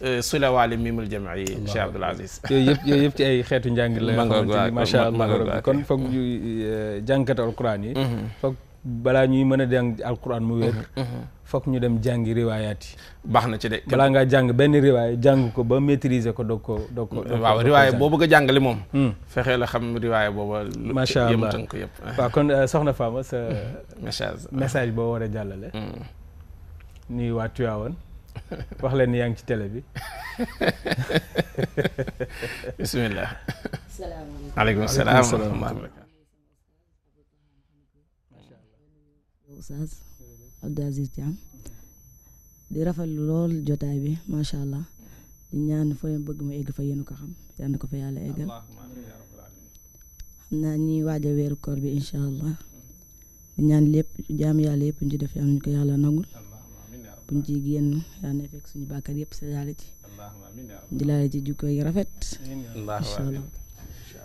Euh, sulawaali mimul jamii Cheikh Abdoul Aziz yooyu yëpp yooyu yëpp ci ay xeetu njàng la xamante ni macha allah rabbi kon foog mm-hmm. ñu euh, jànkate alquran yi mm-hmm. foog balaa ñuy mën a jàng alquran mu wér mm-hmm. foog ñu dem jàngi riwaayaat yi baax na ci de balaa ngaa jàng benn riwaay jàng ko ba maîtriser ko doog ko doog ko waaw riwaay boo bëgg a jàngali moom mm. fexee la xam riwaay booba macha allah yëmatan ko yëpp waaw kon euh, soxna Fama sa message message boo war a jàllale mm. nuyu waa Tiwaawan wax leen yaa ngi ci télé bi bisimilah. salaam wa rahmatulah. Oustaz Aziz Thiam di rafetlu lool jotaay bi macha allah di ñaan foo bëgg ma egg fa yéen xam yal fa yàlla eggal xam naa ñuy waaj a weeru koor bi incha allah ñaan lépp jaam yàlla yëpp ñu ci def yàlla ñu ko yàlla nangul. buñ ciy génn yàlla na fekk suñu bàkkaar yëpp sa jaale ci di laale ci jikko yi rafet incha allah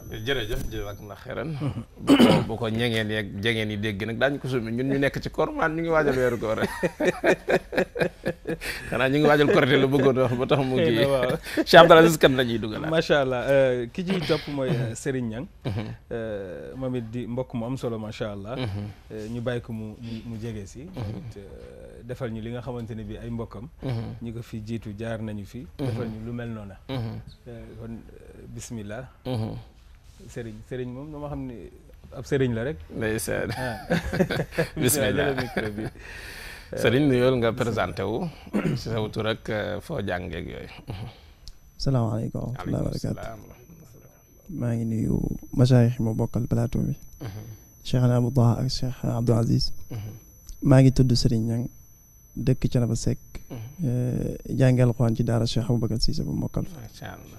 jërëjëf jëwaat na xeran bu ko bu ko ñegeen yeeg jegeen yi dégg nag daañu ko summi ñun ñu nekk ci koor maan ñu ngi waajal weeru koor rek xanaa ñu ngi waajal korité lu bëggoon wax ba tax mu ngi waaw Cheikh Abdoul Aziz kan la ñuy dugalaat macha euh, ki ciy topp mooy euh, Serigne Niang mhm. euh, moom it di mbokk mu am solo macha allah mhm. ñu bàyyi ko mu mu jege si mhm. defal ñu li nga xamante ne bi ay mbokkam ñi ko fi jiitu jaar nañu fi defal ñu lu mel noona kon bismillah sëriñ sëriñ moom dama xam ni ab sëriñ la rek. ndeysaan ah. bismillah sëriñ nu yool nga présenté wu. si sa tur ak euh, foo jàngeeg yooyu. salaamaaleykum wa rahmatulah barakaatu maa ngi nuyu masaayix ma bokkal plateau bi. Mhm. Cheikh Abou Taha Aziz. Mhm. maa ngi tudd Serigne Niang dëkk Thiénaba Seck. Mhm. Euh, jànge alxuraan ci daara a Aboubacar Cissé ba mokkal fa. macha allah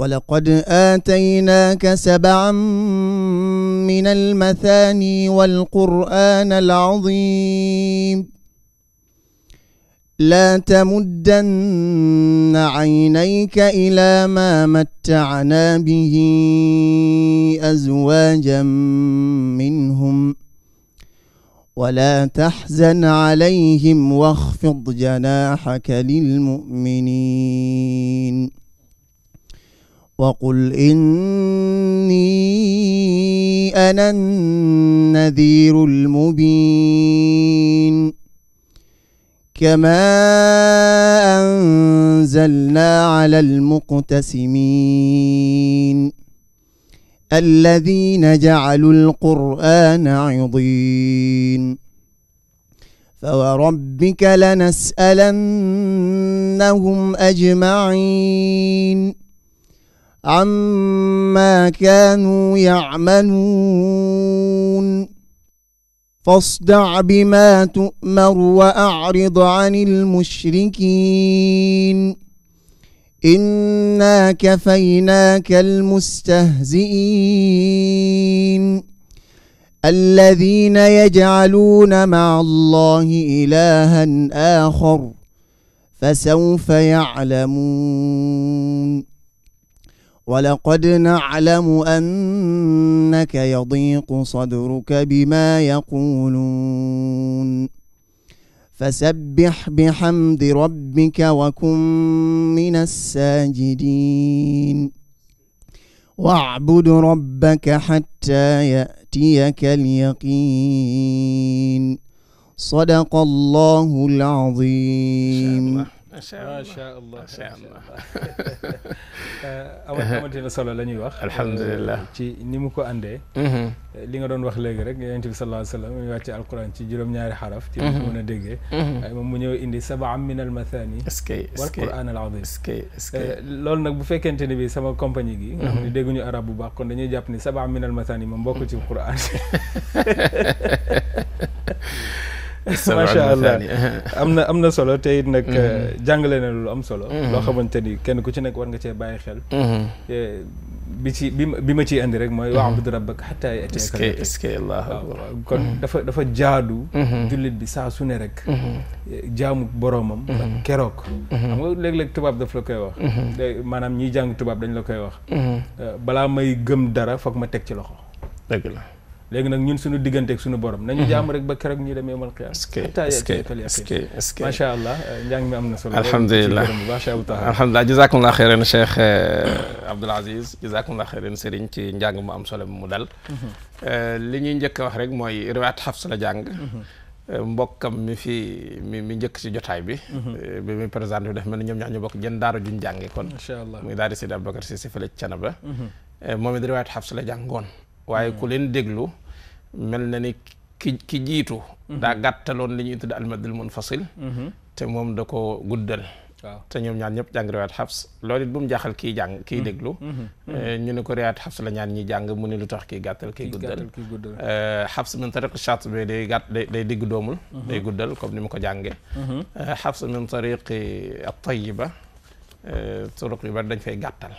ولقد آتيناك سبعا من المثاني والقرآن العظيم لا تمدن عينيك إلى ما متعنا به أزواجا منهم ولا تحزن عليهم واخفض جناحك للمؤمنين وقل إني أنا النذير المبين كما أنزلنا على المقتسمين الذين جعلوا القرآن عضين فوربك لنسألنهم أجمعين عما كانوا يعملون فاصدع بما تؤمر وأعرض عن المشركين إنا كفيناك المستهزئين الذين يجعلون مع الله إلها آخر فسوف يعلمون ولقد نعلم أنك يضيق صدرك بما يقولون فسبح بحمد ربك وكن من الساجدين واعبد ربك حتى يأتيك اليقين صدق الله العظيم ma sha allah na solo la ñuy wax alhamdulilah ci ni mu ko àndee li nga doon wax léegi rek yonent bi sallallahu alayhi wa sallam ñu wàcce alquran ci juróom-ñaari xaraf ci ko mën moom mu ñëw indi sab'an min al mathani wal quran al azim loolu nag bu fekkent ne bi sama compagnie gi dégguñu arab bu baax kon dañuy jàpp ni sab'an min al mathani moom bokkul ci quran macha allah am na am na solo te it nag mhm. euh, jàngale na lu am solo mhm. loo xamante ni kenn ku ci nekk war nga cee bàyyi xel mhm. bi ci bi bi ma ciy indi rek mooy wa'bud rabbaka hatta ya'tiyaka al-yaqin waaw kon dafa dafa jaadu jullit bi saa su ne rek jaamu boroomam keroog xam nga léeg-léeg tubaab daf la koy wax maanaam ñiy jàng tubaab dañ la koy wax euh, balaa may gëm dara foog ma teg ci loxo dëgg la léegi nag ñun suñu diggante ak suñu borom nañu jàmm rek ba keroog ñu demee mal xiyaam sk macha allah euh, njàng mi am na solo alhamdulilah alhamdulilah jazakumullah xeyran cheikh euh, abdoul aziz jazakumullah xeyran sëriñ ci njàng mu am solo mu dal mhm. euh, li ñuy njëkk a wax rek mooy riwaat xafs la jàng mhm. mbokkam mi fi mi mi njëkk ci jotaay bi mhm. bi muy présenté bi daf mel ne ñoom ñax ñu bokk jën daara juñ jànge kon macha allah muy daal di cana ba moom it riwaat xafs la jàngoon waaye hmm. ku leen déglu mel na ni ki ki jiitu hmm. daa gàttaloon li ñuy tudd almadul munfasil hmm. te moom da ko guddal waaw te ñoom ñaan ñëpp jàng riwaayat xafs loolu it mu jaaxal kii jàng kii déglu eh, ñu ne ko riwaayat xafs la ñaan ñi jàng mu ne lu tax kii gàttal kii guddal xafs eh, min tariq Shaatibi day gàtt day day digg doomul day guddal comme ni mu ko jànge xafs eh, min tariqi at-Tayyiba turuq yu bari dañ fay gàttal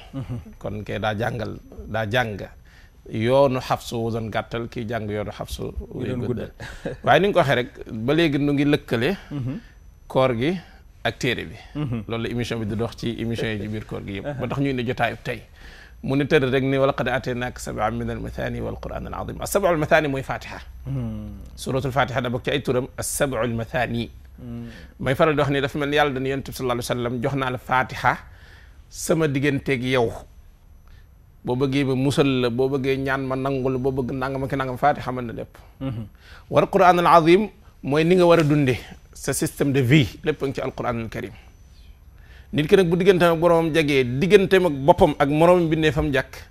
kon kay daa jàngal daa jàng yoonu xafsu wu doon gàttal ki jàng yoonu xafsu wuy guddal waaye ni ko waxee rek ba léegi nu ngi lëkkale mhm. koor gi ak téere bi mhm. loolu la émission bi di dox ci émission yi ci biir koor gi yëpp ba uh-huh. tax ñu ne jotaayub tey mu ne tëdd rek ni walaqad ataynaaka sab'an min al wal qur'aan al-'aziim as-sab'u al-mathaani mooy fatiha hmm. suratul fatiha da bokk ci ay turam as-sab'u al-mathaani hmm. may faral di ni dafa mel ni yàlla dañu yonent bi sallallahu alayhi wa sallam naa la fatiha sama digganteeg yow boo bëggee ba musal la boo bëggee ñaan ma nangul boo bëgg nangam ak nangam faatixa mën na lépp mhm. war quran al azim mooy ni nga war a dundee sa système de vie lépp nga ci alquran al karim nit ki nag bu digganteem ak boromam jagee digganteem ak boppam ak moroomam bindee fam jàkk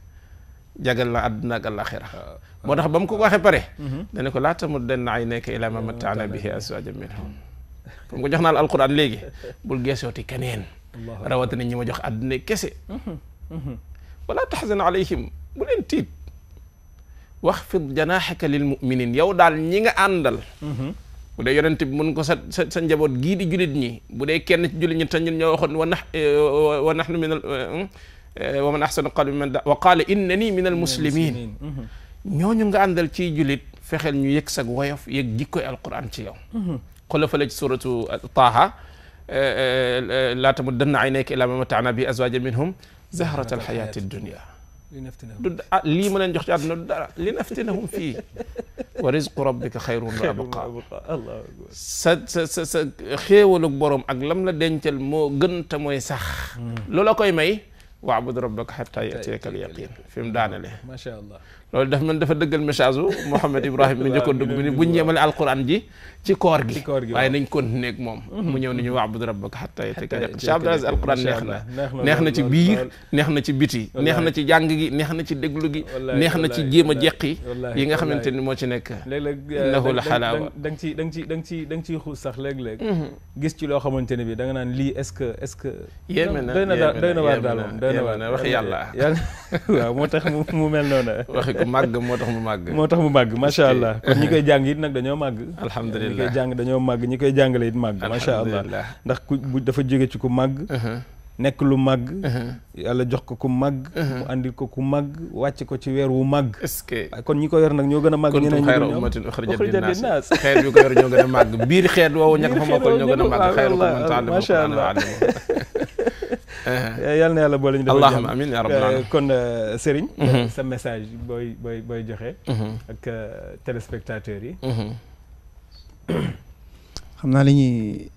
jagal la àdduna ak àlaxira ah, ah. moo tax ba mu ko waxee pare mhm. dana ko laa tamuddanna aynayka ilaa maa matta'naa bihi azwaajan minhum comme ah, ko jox naa la alquran léegi bul geesooti keneen rawatina ñi ma jox àdduna kese mhm. wala taxzan alayhim bu leen tiit wax fi janaaxaka lil muminin yow daal ñi nga àndal mm-hmm. bu dee yonent bi mun ko sa sa sa njaboot gii di julit ñi bu dee kenn ci julit ñi te ñun ñoo waxoon wa nax eh, wa nahnu min al eh, wa man ahsanu qawlan mimman wa qaala innani min al muslimin mm-hmm. ñooñu nga àndal ciy julit fexeel ñu yëg sag woyof yëg jikkoy alquran ci yow mm-hmm. xoolal fële ci suratu taaha eh, laa tamuddanna aynayka ilaa ma mataana bi azwaajan minhum zahrata alxayaati dunia du ah lii ma leen jox ci àdduna du dara li naftinahum fii wa rizqu rabbika xayrun wa abqa sa sa sa sa xéewalug borom ak lam la dencal moo gën te mooy sax loola koy may waabud rabbaka xata yatiyaka alyaqin fi mu daanele macha allah loolu daf man dafa dëggal message u Mouhamed Ibrahim mi njëkkoon dugg bi ni buñ ñeemale alquran ji ci koor gi waaye nañ continuer ak moom mu ñëw nañu wa'bud rabbaka hatta ya'tiyaka al-yaqin Cheikh Abdou Aziz alquran neex na neex na ci biir neex na ci biti neex na ci jàng gi neex na ci déglu gi neex na ci jéem a jeqi yi nga xamante ni moo ci nekk eh, innahu la xalaawa da nga ci da nga ci da nga ci da nga ciy xuus sax léeg-léeg mhm. gis ci loo xamante ne bi da nga naan lii est-ce que est-ce que yéeme na doy na doy na waar daal moom waxi yàlla moo tax mu mel noonu waxi ko màgg moo tax mu màgg moo tax mu màgg macha allah kon ñi koy jàng it nag dañoo màgg alhamdulillah ñi koy jàng dañoo màgg ñi koy jàngale it màgg macha allah ndax ku bu dafa jóge ci ku màgg uh-huh. nekk lu màgg uh-huh. yàlla jox ko ku màgg uh-huh. mu àndil ko ku màgg wàcc ko ci weer wu màgg kon ñi ko yor nag ñoo gën a màgg ñeneen ko yor ñoo gën a màgg biir xeet woowu ña ko fa mokkal a màgg xayrukum eh, yàlla na yàlla boole ñu defal jàmm amiin yaa rabbi eh, kon eh, Serigne sa message booy booy booy joxe ak téléspectateurs yi xam naa li ñuy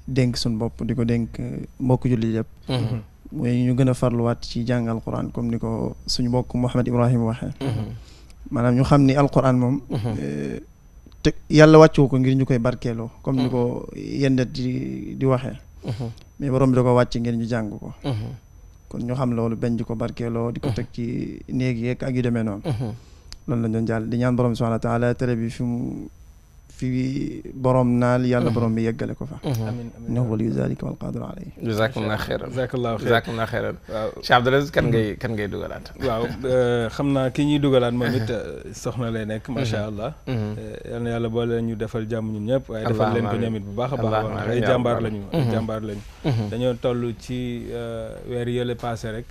dénk suñu bopp di ko dénk euh, mbokk julli yëpp mm-hmm. mooy ñu gën a farluwaat ci jàng alquran comme ni ko suñu mbokk Mouhamed Ibrahima waxee mm-hmm. maanaam ñu xam ni alquran moom mm-hmm. euh, te yàlla wàccu ko ngir ñu koy barkeeloo comme ni ko yendet di di waxee mais borom bi da ko wàcc ngir ñu jàng ko kon ñu xam loolu benn di barkeeloo di ko teg ci néeg ak yu demee noonu loolu la ñu doon di ñaan borom subhanahu wa tere bi fi fi borom naal yàlla mhm. borom bi yeggale ko fa. amiin mhm. amiin innahu waliyyu zaalika wal qaadiru alayhi. waaw Cheikh Abdou Aziz kan mhm. ngay kan ngay dugalaat. waaw euh, xam naa ki ñuy dugalaat ma it euh, soxna lay nekk. macha allah. Euh, yal na yàlla boole ñu defal jàmm ñun ñëpp. waaye defal leen ko ñoom bu baax a baax. ay jàmbaar lañu ay jàmbaar lañu. dañoo toll ci weer yële paase rek.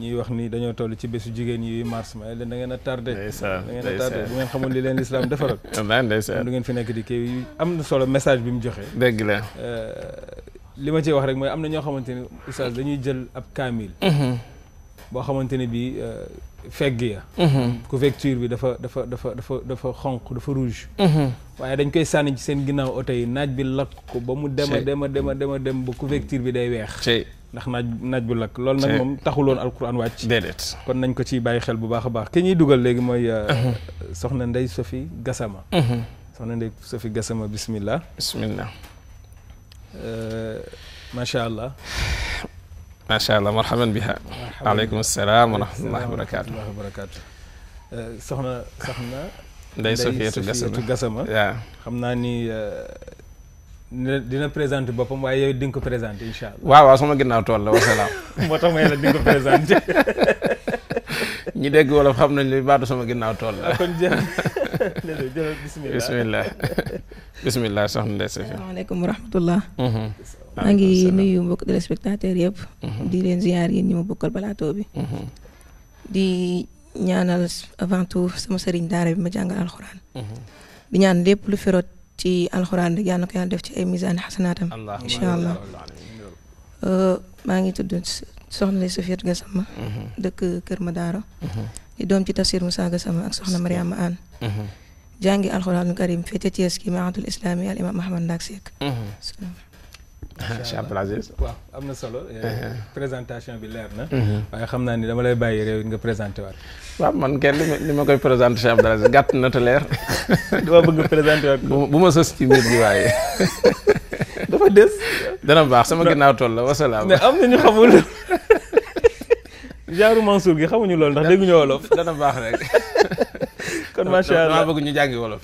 ñuy wax ni dañoo toll ci bésu jigéen yi mars ma leen da a tardé. a bu ngeen xamul li leen lislaam defaral du ngeen fi nekk di kii am na solo message bi mu joxee dëgg la. Euh, li ma ci wax rek mooy am na ñoo xamante ne oustaz dañuy jël ab kaamil. Mhm. boo xamante ne bii euh, fegg ya. couverture mhm. bi dafa dafa dafa dafa dafa xonq dafa rouge. Mhm. waaye dañ koy sànni ci seen ginnaaw oto yi naaj bi lakk ko ba mu. dema dema dema dema dem ba couverture bi day weex. ndax naaj naaj bi lakk lool nag moom taxuloon alquran wàcc déedéet kon nañ ko ciy bàyyi xel bu baax a baax ki ñuy dugal léegi mooy euh, soxna Ndeye Sophie Gassama soxna Ndeye Sophie Gassama bismillah bismillah euh, macha allah. macha allah marhaban biha. waaleykum salaam wa rahmatulah wa waaw euh, xam naa ni euh, dina présenté boppam waaye yow waaw waaw sama ginnaaw tool la wasalaam. moo tax ma yàlla di nga ñi dégg wolof xam nañ li baatu sama ginnaaw tool la. kon jërëjëf. bisimilah bisimilah soxna Ndeye Safi. Mhm. ngi nuyu mbokk yëpp. Mhm. di leen ziar bi. Mhm. di ñaanal avant tout sama sëriñ daara bi ma jàngal alxuraan. di ñaan lépp lu firot ci alxuraan rek yal na ko def ci ay misaan xasanaatam. incha allah maa ngi tudd soxna Ndeye Safi Gassama. dëkk Kër Madaro. di doom ci tafsir Moussa Gassama ak soxna Mariama Anne mhm. jàngi alxuraanu karim fete Thiès ki maatul islami al imam Ahmad Ndak Seck mhm. Cheikh Abdoul eh, mhm. bi leer na waaye naa ni dama lay bàyyi réew nga présenté waat waaw man kenn li ma na te leer dama bëgg présenté waat bu ma sës ci mbir waaye dafa des dana baax sama ginnaaw toll la wasalaam am na ñu xamul jaaru Mansour gi xamuñu loolu ndax dégguñu wolof. dana baax rek. kon macha allah ñu jàngi wolof.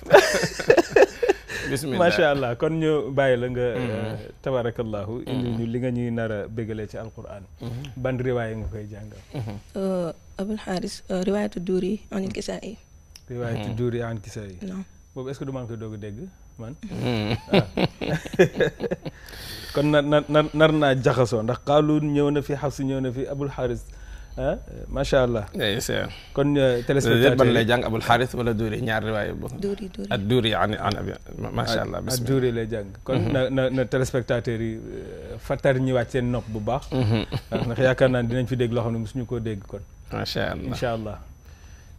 macha allah kon ñu bàyyi la nga. Mm-hmm. Euh, tabarakallahu indi mm-hmm. ñu li nga ñuy nar a bégalee ci alquran. Mm-hmm. ban riwaay nga koy jàngal. Euh, Abul Haris euh, riwaayatu Duuri an Kisaa'i. riwaayatu boobu est du maa ngi koy dégg man. Ah. kon nar nar nar naa jaxasoo ndax Qaaluun ñëw na fi Hafs ñëw na fi Abul Haris. ah macha allah. kon eh, téléspectateur yëpp lay jàng Abul Xaaris wala Duuri ñaar riwaay boobu. Duuri Duuri ak Duuri an an abi macha allah. bisimilah ak Duuri lay jàng. kon mhm. na na na téléspectateur yi eh, fattar ñi wàcc seen nopp bu baax. Mhm. ndax yaakaar naa dinañ fi dégg loo xam ne mosuñu koo dégg kon. macha allah incha allah.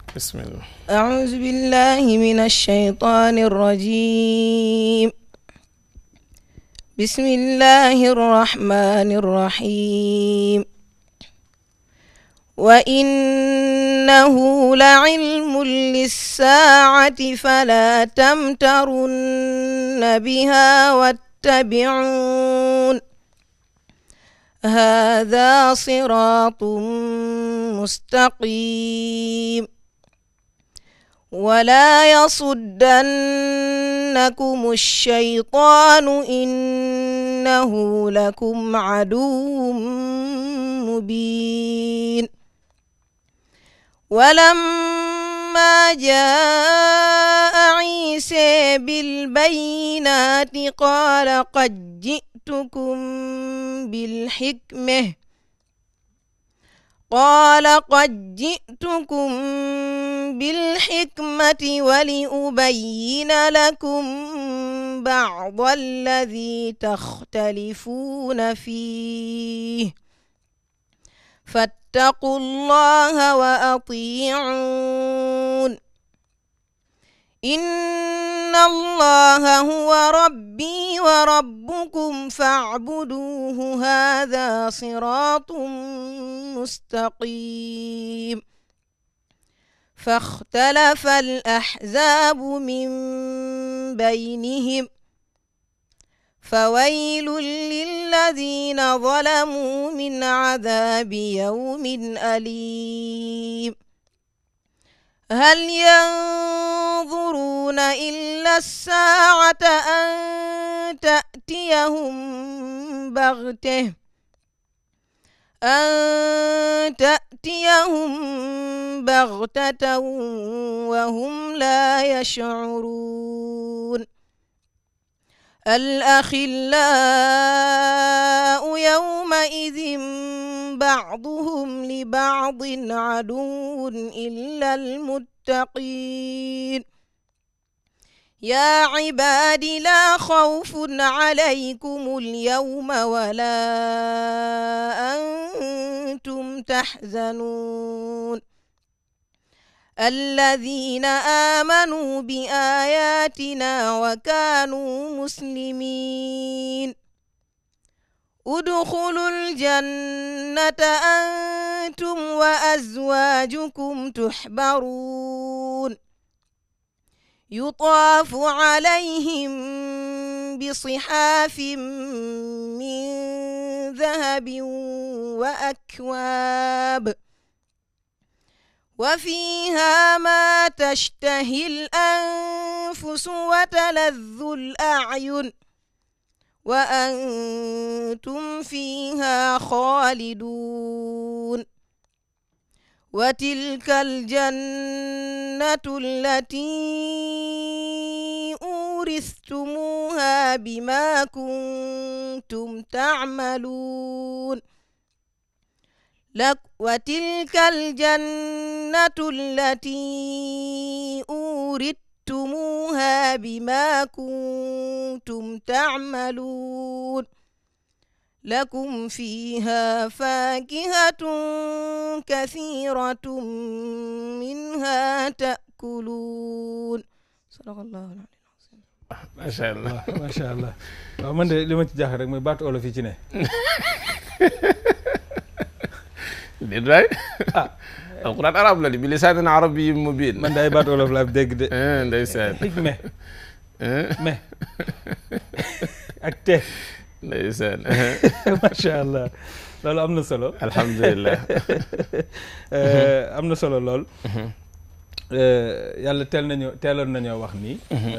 bisimilah. auzu billahi mina shaytaani rajiim. bismillahi وإنه لعلم للساعة فلا تمترن بها واتبعون هذا صراط مستقيم ولا يصدنكم الشيطان إنه لكم عدو مبين ولما جاء عيسى بالبينات قال قد جئتكم بالحكمة قال قد جئتكم بالحكمة ولأبين لكم بعض الذي تختلفون فيه فاتقوا الله وأطيعون إن الله هو ربي وربكم فاعبدوه هذا صراط مستقيم فاختلف الأحزاب من بينهم فويل للذين ظلموا من عذاب يوم أليم هل ينظرون إلا الساعة أن تأتيهم بغته أن تأتيهم بغتة وهم لا يشعرون الأخلاء يومئذ بعضهم لبعض عدو إلا المتقين يا عباد لا خوف عليكم اليوم ولا أنتم تحزنون الذين آمنوا بآياتنا وكانوا مسلمين ادخلوا الجنة أنتم وأزواجكم تحبرون يطاف عليهم بصحاف من ذهب وأكواب وفيها ما تشتهي الأنفس وتلذ الأعين وأنتم فيها خالدون وتلك الجنة التي أورثتموها بما كنتم تعملون لك وتلك الجنة التي أوردتموها بما كنتم تعملون لكم فيها فاكهة كثيرة منها تأكلون صدق الله العظيم macha allah macha allah waaw man de li ma ci jaaxal rek mooy baatu olof yi ci ne déet waay. a alquran arab la di bi lisaanin arabiyyin mubiin. man day baat wolof laa dégg de. Eh, ndeysaan hikme. Eh? Eh? mais allah loolu am na solo. alhamdulilah. am na solo lool. Mhm. yàlla teel nañu teeloon nañoo wax ni. Mhm.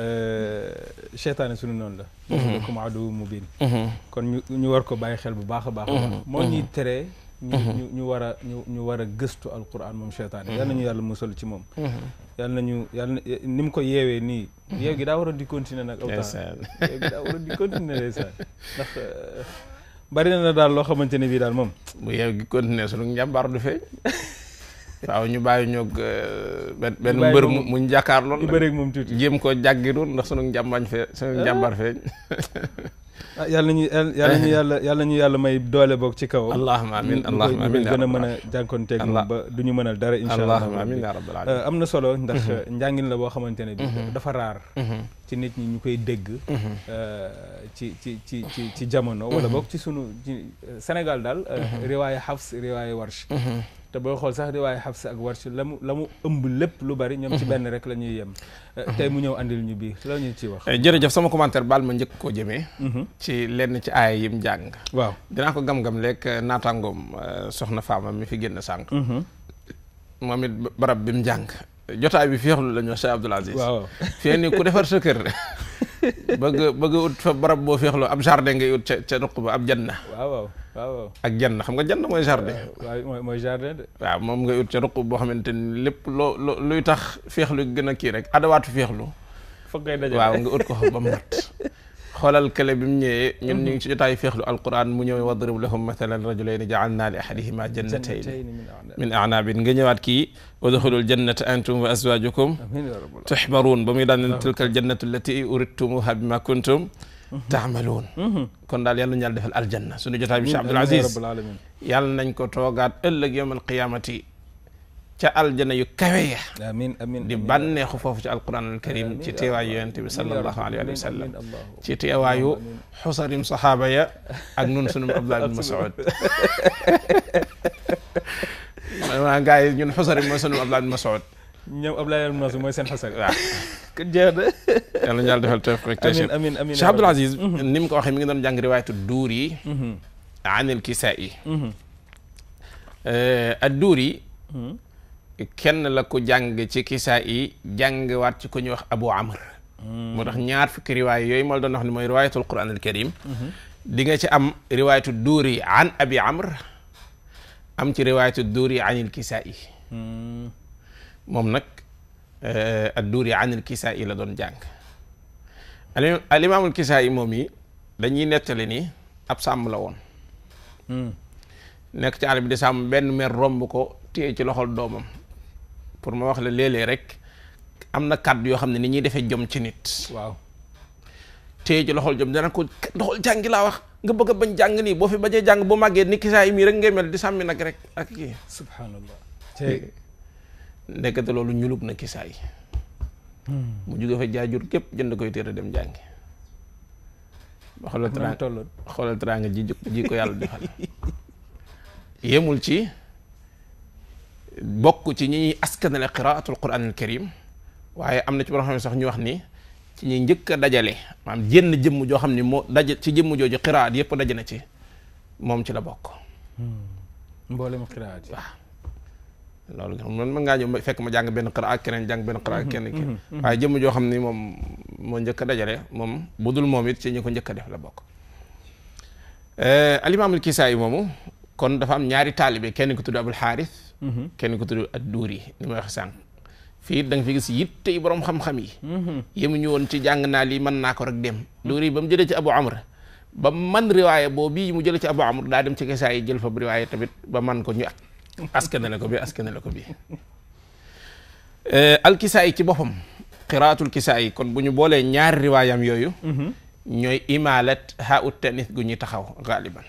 seytaane sunu noon la. Mhm. comme aduwwun mubiin. kon ñu war ko bàyyi xel bu baax a baax. moo ñuy tere. Mhm. ñu ñu war a ñu ñu war a gëstu alquran moom cheytaan mhm. yal nañu yàlla musal ci moom mhm. na ñu yàlla ni mu ko yeewee nii yeew gi daa waroon di continuer nag aw temps yeew euh, bari na daal loo xamante ne bii daal moom bu yeew gi continuer sunu njàmbaar du feeñ waaw ñu bàyyi ñoog euh, benn benn mbër mu ñu jàkkaar lool bëreeg moom tuuti jéem ko jàggi doon ndax sunu njàmbañ fee sunu ah. feeñ ah yàlla ñu yàlla ñu yàlla ñu yàlla may doole boog ci kaw allahumma amin allahumma amin gën a mën a du ñu mënal dara incha allah allahumma amin ya ah, am na solo ndax mm-hmm. ah, njàngin la boo xamante ne bi mm-hmm. dafa raar mm-hmm. ci nit ñi ñu koy dégg ah, ci ci ci ci ci jamono wala boog ci sunu ci Sénégal daal riwaaye Hafs riwaaye Warsh te booy xool sax riwaaye Hafs ak Warsh la mu la mu ëmb lépp lu bari. ñoom ci mhm. benn rek la ñuy yem. Eh, tey mu ñëw andil ñu biir loolu ñu ciy wax. Eh, jërëjëf sama commentaire baal ma njëkk koo jëmee. Mhm. ci lenn ci aaya yim jàng. waaw dinaa ko gam-gam lekk eh, naataangoom soxna Fama mi fi génn sànq. Mhm. moom it barab bi mu jàng. jotaay bi féexlu la ñu Cheikh Abdoul Aziz. waaw ku defar sa kër. bëgg bëgg ut fa barab boo féexloo ab jardin ngay ut ca ca ruq ba ab janna. waaw waaw ak jann xam nga jann mooy jardin. waaw mooy jardin de. waaw moom ngay ut ca ruq boo xamante ni lépp loo luy tax féexlu gën a kii rek. adawaatu féexlu. foog ngay dajale waaw nga ut ko ba mu mat. xoolal kële bi mu ñëwee ñun ñu ngi ci jotaay féexlu alquran mu ñëw wadrib lahum mathalan rajulayni jaalna li ahadihima jannatayn min a'nabin nga ñëwaat kii wadxulul jannata antum wa azwajukum tuxbaruun ba muy daan tilka aljannatu allati uridtumuha bima kuntum taamaluun kon daal yal nañu yàlla defal aljanna suñu jotaay bi Cheikh Abdoul Aziz yàlla nañ ko toogaat ëllëg yawmal qiyaamati ca aljanna yu kawe ya amiin amiin di bànneexu foofu ci alquran al karim ci teewaayu yonente bi sallallahu alayhi wa sallam ci teewaayu xusarim sahaaba ya ak nun sunum Abdullah bin Mas'ud maa ngaa yi xusarim mooy sunum Abdullah bin Mas'ud ñoom Abdoulaye Alioune Mansour mooy seen xasar waaw. kon jeex na. yàlla ñu yàlla defal Aziz mhm. ni ko waxee mi ngi doon jàng riwaayatu duur yi. Mhm. anil Kisaa'i. Mhm. Eh, ak kenn la ko jàng ci Kisaa'i jàngwaat ci ko ñu wax Abu Amr. moo tax ñaar fukki riwaay yooyu moo la doon wax ni mooy riwaayatul Qur'aan al Kariim. di nga ci am riwaayatu duur yi an Abi Amr am ci riwaayatu duur yi anil Kisaa'i. moom nag eh, adduuri anil kisaa yi la doon jàng al imaamul kisaa yi moom yi dañuy nettale nii ab sàmm la woon hmm. nekk ci àll bi di sàmm benn mer romb ko téye ci loxol doomam pour ma wax la léeg rek am na kàddu yoo xam ne ni ñuy defee jom ci nit waaw téye ci loxol jom dana ko loxol jàngi laa wax nga bëgg a bañ jàng nii boo fi bañee jàng bu màggee ni kisaa yi mii rek nga mel di sàmmi nag rek ak kii subhanallah nekkate loolu ñulub na kisaay hmm. mu jóge fa jaajur képp jënd koy téere dem jàngi ba xoolal teraanga xoolal teraanga ji ji ko yàlla defal yemul ci bokk ci ñi askanale qiraatul quran al karim waaye am na ci borom xam ne sax ñu wax ni ci ñi njëkk a dajale maanaam jenn jëmm joo xam ni moo daje ci jëmm jooju qiraat yëpp daje na ci moom ci la bokk hmm. mboolem loolu nga xam man ngaa ngaa ñëw fekk ma jàng benn xara ak keneen jàng benn xara ak keneen kenn mhm, mhm, mhm. waaye jëmm joo xam ni moom moo njëkk a dajale moom bu dul moom it ci ñi ko njëkk a def la bokk eh, alimaamul kisaay moomu kon dafa am ñaari taalibee kenn ko tudd abul xaaris kenn ko tudd ak duuri ni ma wax sànq fii da nga fi gis yitte yi borom xam-xam yi yemu ñu woon ci jàng naa lii man naa ko rek dem duuri ba mu jëlee ci abu amr ba man riwaaya boobu yi mu jëlee ci abu amr daa dem ci kisaay yi jël fa tamit ba man ko ñu askanale ko bi askanale ko bi eh, alkisaa yi ci boppam qiraatul kisaa yi kon bu ñu boolee ñaari riwaayam yooyu mhm. ñooy imaalat haa ut tanis gu ñuy taxaw gaaliban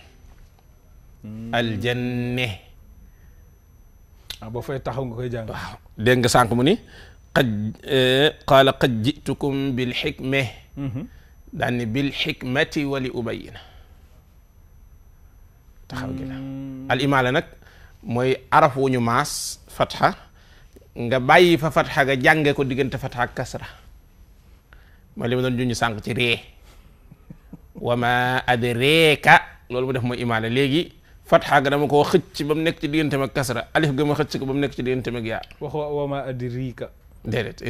hmm. aljanne waaw ah, boo fay taxaw nga koy jàng waaw dégg nga sànq mu ni qad eh, qad jitukum bil xikme mhm. daan ni bil xikmati wali ubayina taxaw gi la hmm. al imaala nag mooy araf wu ñu fatxa nga bàyyi fa fatxa nga jànge ko diggante fatxa ak kasra mooy li ma doon junj sànq ci ree wa ma adreeka loolu mu def mooy imaale léegi fatxa ga dama koo xëcc ba mu nekk ci diggante ak kasra alif ga ma xëcc ko ba nekk ci digganteem ak yaa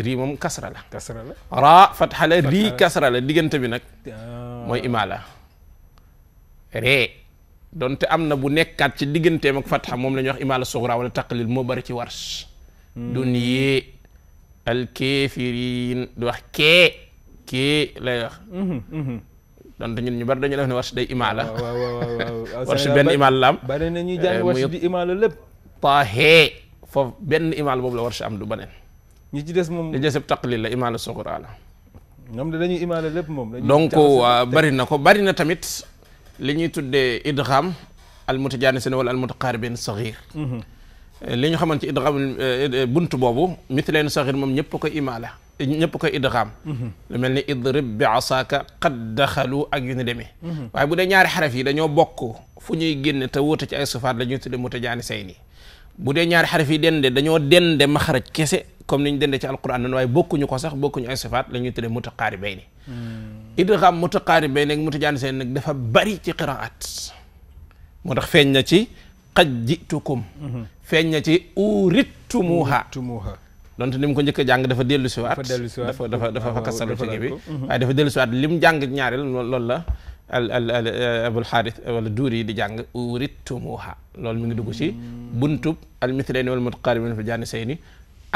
rii moom kasra la kasra la raa fatxa la rii kasra la diggante bi nag ah. mooy imaala ree donte am na bu nekkaat ci digganteem ak fatxa moom lañu ñuy wax imaala sugra wala taqlil moo bari ci warsh hmm. dun yee du wax kee kee lay wax hmm, hmm. donte ñun ñu bari dañu def ne warsh day imaala warsh benn imaal la am bari na ñuy jàng eh, imaala lépp taahee benn imaal boobu la warsh am du baneen ñi ci des moom li des taqlil la imaala sugra la ñoom lépp moom donc bari na ko bari na tamit li ñuy tuddee idgham al mutajaanisin wala al mutaqaaribin saxiir mhm. li ñu xamante ci idgham euh, euh, bunt boobu mithleen saxiir moom ñëpp ko imaala ñëpp ko idgham mhm. lu mel ni idrib bi asaaka qad daxalu ak yu ni demee mhm. waaye bu dee ñaari xaraf yi dañoo bokk fu ñuy génn te wuute ci ay sufaat la ñuy tuddee mutajaanisayni bu dee ñaari xaraf yi dende dañoo dende maxaraj kese comme ni ñu dende ci alquran noonu waaye bokkuñu ko sax bokkuñu ay sifaat la ñuy tuddee mutaqaaribayni idgham mutaqaaribayn ak mutajaanisayn nag dafa bari ci qiraat moo tax feeñ na ci qad jitukum feeñ na ci uuritumuha donte ni mu ko njëkk a jàng dafa dellu si waat dafa dafa dafa fa kasalu ci bi dafa dellu si waat lim jàng ñaareel lool la al al al eh, abul eh, wala duur yi di jàng uuritumuha loolu mu ngi dugg ci buntub al mithlayni wal mutaqaaribayni fil jaanisayni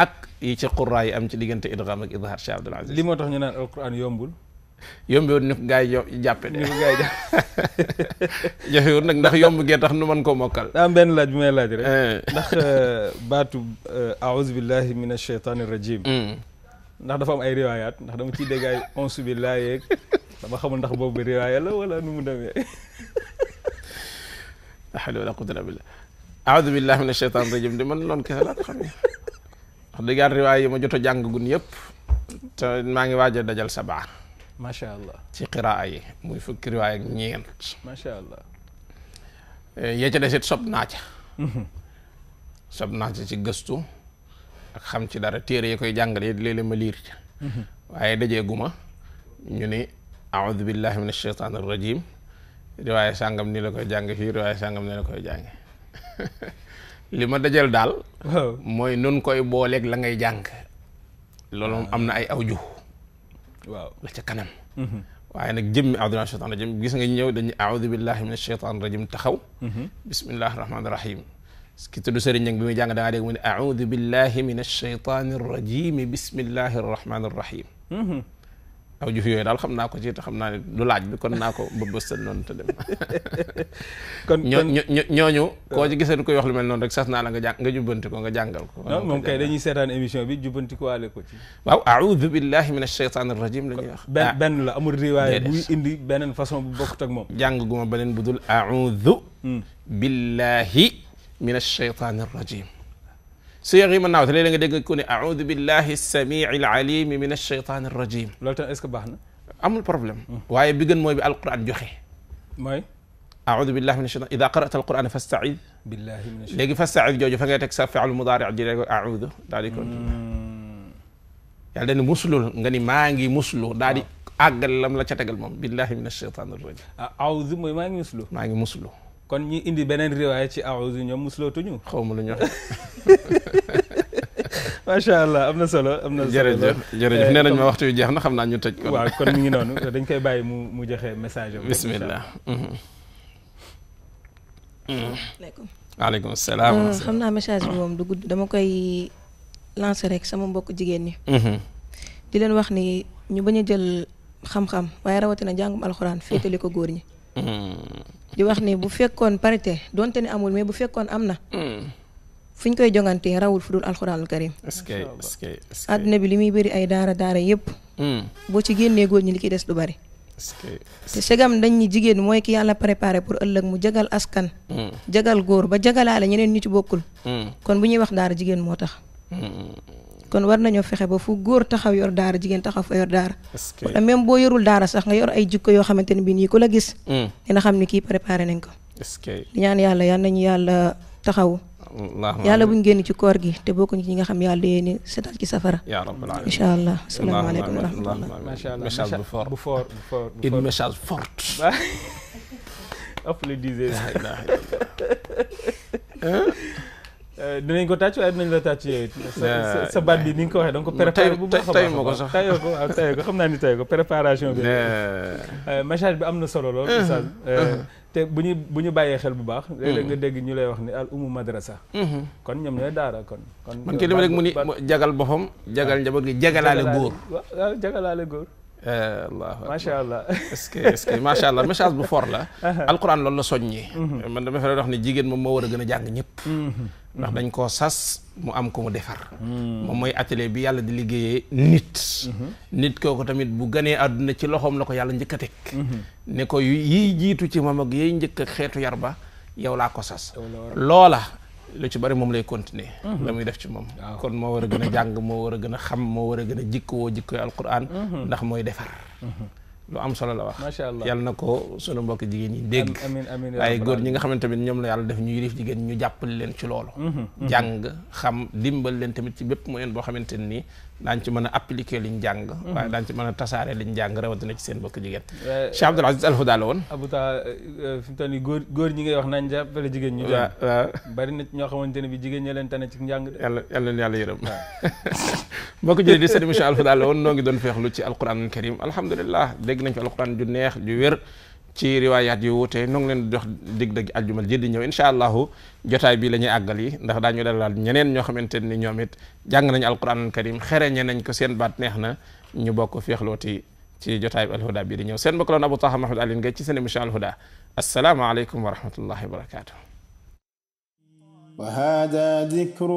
ak yi ci quraa yi am ci diggante idgham ak idhaar Cheikh Abdoul Aziz li moo tax ñu naan yombul yomb woon nag gaa jàppe de. gaa woon nag ndax yomb gee tax nu man ko mokkal. daa am laaj bu may laaj rek. Eh. ndax euh, baatu euh, aouzu billahi min ashaytaani rajim. Mm. ndax dafa am ay riwaayaat ndax dama ciy dégg ay onsu billahi yeeg dama xamul ndax boobu riwaaya la wala nu mu demee. la hawla wala quwwata illa billah. aouzu billahi min ashaytaani rajim di man loon kese laa ko jot a jàngagun yëpp maa ngi waaj a dajal sabaa. macha allah ci qiraa yi muy fukki riwaay ak ñeent. macha allah. Eh, yee ca des sob naa ca. Mhm. sob naa ca ci gëstu ak xam ci dara téere yi koy jàngale léeg-léeg ma liir ca. Mhm. waaye dajee guma ñu ni aoudu billahi min ashaitan arrajim riwaaye sàngam ni la koy jàng fii riwaaye sàngam ni la koy jàng li ma dajal daal mooy nun koy booleeg la ngay jàng loolu moom am na ay awju waaw la ca kanam mhm. waaye nag jëmmi aaduna a rajim gis a ñëw dañu aoudu billahi min cheytaan rajim taxaw mhm. bismillahi rahmaani rahim ki tudd sëriñ ñang bi muy jàng da ngaa dégg mu ne aoudu billahi min alcheytaan arrajim bismillahi arrahmaani aw jëf yooyu daal xam naa ko ci te xam naa ne du laaj bi kon naa ko bëbëstal noonu te dem. kon ñoo ñooñu. koo ci gisee du koy wax lu mel noon rek sas naa la nga jàng nga jubbanti ko nga jàngal ko. non moom kay dañuy seetaan émission bi jubbanti ko waale ko ci. waaw aoudu billahi min ashaytaan arrajim la ñuy wax. benn ah. benn la indi beneen façon bu bokkut ak moom. jàng guma beneen bu dul aoudu. Hmm. billahi min ashaytaan arrajim. siyaq yi mën naa wax te léeg-léeg nga dégg ku ne audu billahi samii alimi min alcheytan arrajim loolu tam est-ce que baax na amul problème waaye bi gën mooy bi alquran joxe mooy audu billahi min alcheytan ida qarata alquran fastaid billahi min alcheytan léegi fastaid jooju fa ngay teg sa fi'l mudaari ji rek audu daal di continue hmm. yàlla dañu muslul nga ni maa ngi muslu daal di ah. àggal lam la ca tegal moom billahi min alcheytan arrajim audu ah, mooy maa ngi muslu maa ngi muslu kon ñi indi beneen riwaay ci aawuzu ñoom muslootuñu. xaw ma lu ñu wax. allah am na solo am na solo jërëjëf jërëjëf ma waxtu yu jeex na xam naa ñu tëj ko. waaw kon mi ngi noonu dañ koy bàyyi mu mu joxe message am. bismillah. Mm-hmm. Mm-hmm. waaleykum mm, xam naa message bi moom du dama koy lancer rek sama mbokk jigéen ñi. Mm-hmm. di leen wax ni ñu bañ jël xam-xam waaye rawatina jàngum alxuraan féetali ko góor ñi. di wax ni bu fekkoon parité donte ne amul mais bu fekkoon am na. fu ñu koy jongantee rawul fu dul alxuraanul karim. est-ce que que est-ce que àdduna bi li muy bëri ay daara daara yépp. Hmm. boo ci génnee góor ñi li ki des du bari. te segam dañ ñi jigéen mooy ki yàlla préparé pour ëllëg mu jagal askan. Hmm. jagal góor ba jagalaale ñeneen ñu ci bokkul. Hmm. kon bu ñuy wax daara jigéen moo tax. kon war nañoo fexe ba fu góor taxaw yor daara jigéen taxaw fa yor daara même boo yorul daara sax nga yor ay jikko yoo xamante ne bii nii ku la gis hmm. dina xam ni kii préparé nañ ko di ñaan yàlla yal nañu yàlla taxaw yàlla buñ génn ci koor gi te bokkuñ ci ñi nga xam yàlla yee ni setal ci safara yaa rabbal alamin incha allah asalaamaaleykum wa rahmatullah macha allah message bu fort bu fort bu Eh, dinañ ko tàcc waaye dinañ la tàcc yooyu. sa baat bi ni nga ko waxee da nga ko préparé bu baax a baax ma ko sax tayoo ko waaw tayoo ko xam naa ni tayoo ko préparation bi. Eh, message bi am na solo lool. Uh-huh. Eh, uh-huh. te bu ñu bu ñu bàyyee xel bu baax. Uh-huh. léeg-léeg nga dégg ñu lay wax ni al umu madrasa. kon ñoom ñooy daara kon. kon man kii dama rek mu ni jagal boppam jagal njaboot gi jagalaale góor. waaw jagalaale góor. allah macha allah est-ce que est-ce que macha allah message bu fort la. alquran loolu la soññi. man dama fay wax ni jigéen moom moo war a gën a jàng ñëpp. ndax dañ koo sas mu am ko mu defar hmm. moom mooy atelier bi yàlla di liggéeyee nit hmm. nit kooku tamit bu ganee àdduna ci loxoom la ko yàlla njëkk a teg hmm. ne ko yiy jiitu ci moom ak yiy njëkk a xeetu yar ba yow laa ko sas loola lu ci bari moom lay continuer la muy def ci moom kon moo war a gën a jàng moo war a gën a xam moo war a gën a jikkoo jikkooy alquran ndax mooy defar lu am solo la wax macha allah yàlla na ko sunu mbokk jigéen ñi dégg amiin amiin waaye góor ñi nga xamante tamit ñoom la yàlla def ñu yilif jigéen ñu jàppale leen ci loolu mm-hmm, mm-hmm. jàng xam dimbal leen tamit ci bépp moyen boo xamante nii daañ ci mën a appliquer liñ jàng mhm. waaye daañ ci mën a tasaare liñ jàng rawatina ci seen bokk jigéen Cheikh Abdoul Aziz Al Huda la woon abouta euh, fi mu toll nii góor góor ñi ngay wax naan jàppale jigéen ñu bari na ñoo xamante ne bi jigéen ñi leen ci njàng yàlla yàlla yàlla yërëm mbokk jëlee di seen émission Al Huda woon noo ngi doon feexlu ci alquran karim alhamdulilah dégg nañ fi alquran ju neex ju wér ci riwaayaat yu wuute nu ngi leen jox dig dëgg aljuma ji di ñëw incha allahu jotaay bi la ñuy àggal yi ndax daañu dalal ñeneen ñoo xamante ni ñoom nañ jàng nañu alquran karim xereñe nañ ko seen baat neex na ñu bokk féexlooti ci jotaay bi alhuda bi di ñëw seen mbokk loon Abou Taha Mahmoud Alioune Gueye ci seen émission alhuda asalaamaaleykum wa rahmatullahi wa barakatuh وهذا ذكر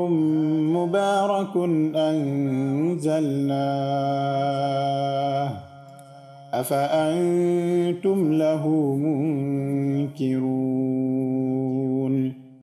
مبارك أنزلناه أفأنتم له منكرون